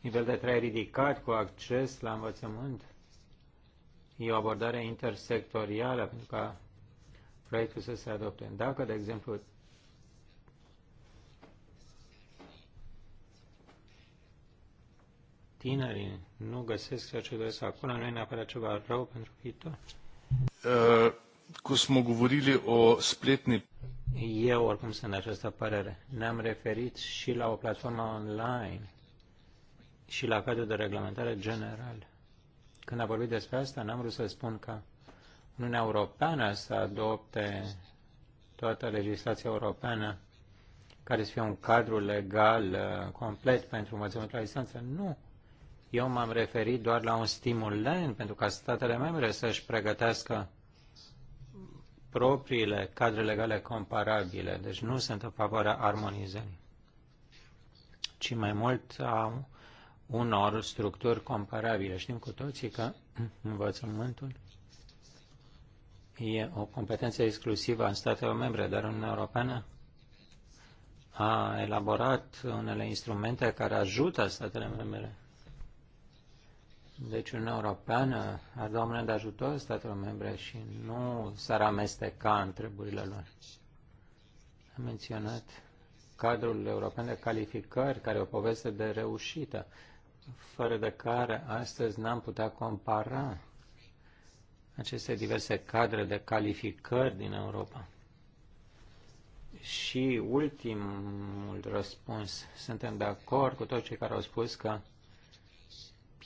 nivel de trai ridicat cu acces la învățământ. E o abordare intersectorială pentru ca proiectul să se adopte. Dacă, de exemplu, tinerii nu găsesc ceea ce doresc acolo, nu e neapărat ceva rău pentru viitor. Uh, o spletni... Eu oricum sunt această părere. Ne-am referit și la o platformă online și la cadrul de reglementare general. Când a vorbit despre asta, n-am vrut să spun că Uniunea Europeană să adopte toată legislația europeană care să fie un cadru legal uh, complet pentru învățământul la distanță. Nu. Eu m-am referit doar la un stimul lent pentru ca statele membre să-și pregătească propriile cadre legale comparabile, deci nu sunt în favoarea armonizării, ci mai mult a unor structuri comparabile. Știm cu toții că învățământul e o competență exclusivă a statelor membre, dar Uniunea Europeană a elaborat unele instrumente care ajută statele membre deci Uniunea Europeană a da de ajutor statelor membre și nu s-ar amesteca în treburile lor. Am menționat cadrul european de calificări, care e o poveste de reușită, fără de care astăzi n-am putea compara aceste diverse cadre de calificări din Europa. Și ultimul răspuns. Suntem de acord cu toți cei care au spus că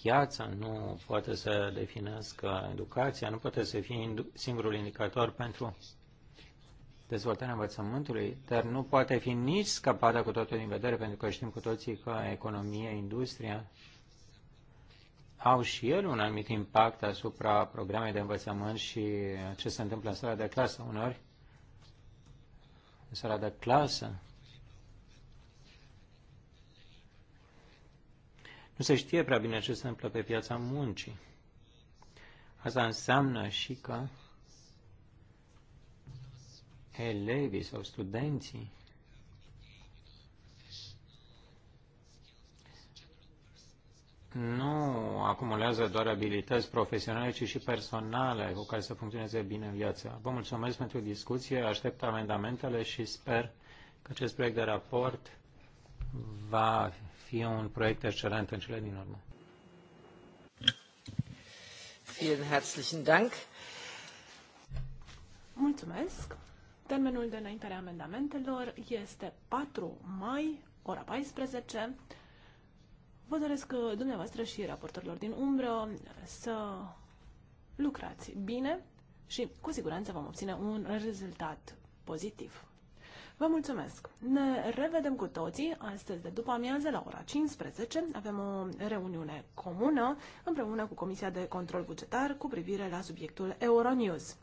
piața, nu poate să definească educația, nu poate să fie singurul indicator pentru dezvoltarea învățământului, dar nu poate fi nici scăpată cu totul din vedere, pentru că știm cu toții că economia, industria au și el un anumit impact asupra programei de învățământ și ce se întâmplă în sala de clasă. Uneori, în sala de clasă, Nu se știe prea bine ce se întâmplă pe piața muncii. Asta înseamnă și că elevii sau studenții nu acumulează doar abilități profesionale, ci și personale cu care să funcționeze bine în viață. Vă mulțumesc pentru discuție, aștept amendamentele și sper că acest proiect de raport va fie un proiect excelent în cele din urmă. Vielen herzlichen Dank. Mulțumesc. Termenul de înaintare a amendamentelor este 4 mai, ora 14. Vă doresc uh, dumneavoastră și raportorilor din umbră să lucrați bine și cu siguranță vom obține un rezultat pozitiv. Vă mulțumesc! Ne revedem cu toții astăzi de după amiază la ora 15. Avem o reuniune comună împreună cu Comisia de Control Bugetar cu privire la subiectul Euronews.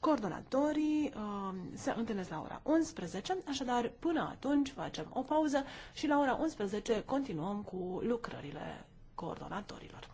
Coordonatorii uh, se întâlnesc la ora 11, așadar până atunci facem o pauză și la ora 11 continuăm cu lucrările coordonatorilor.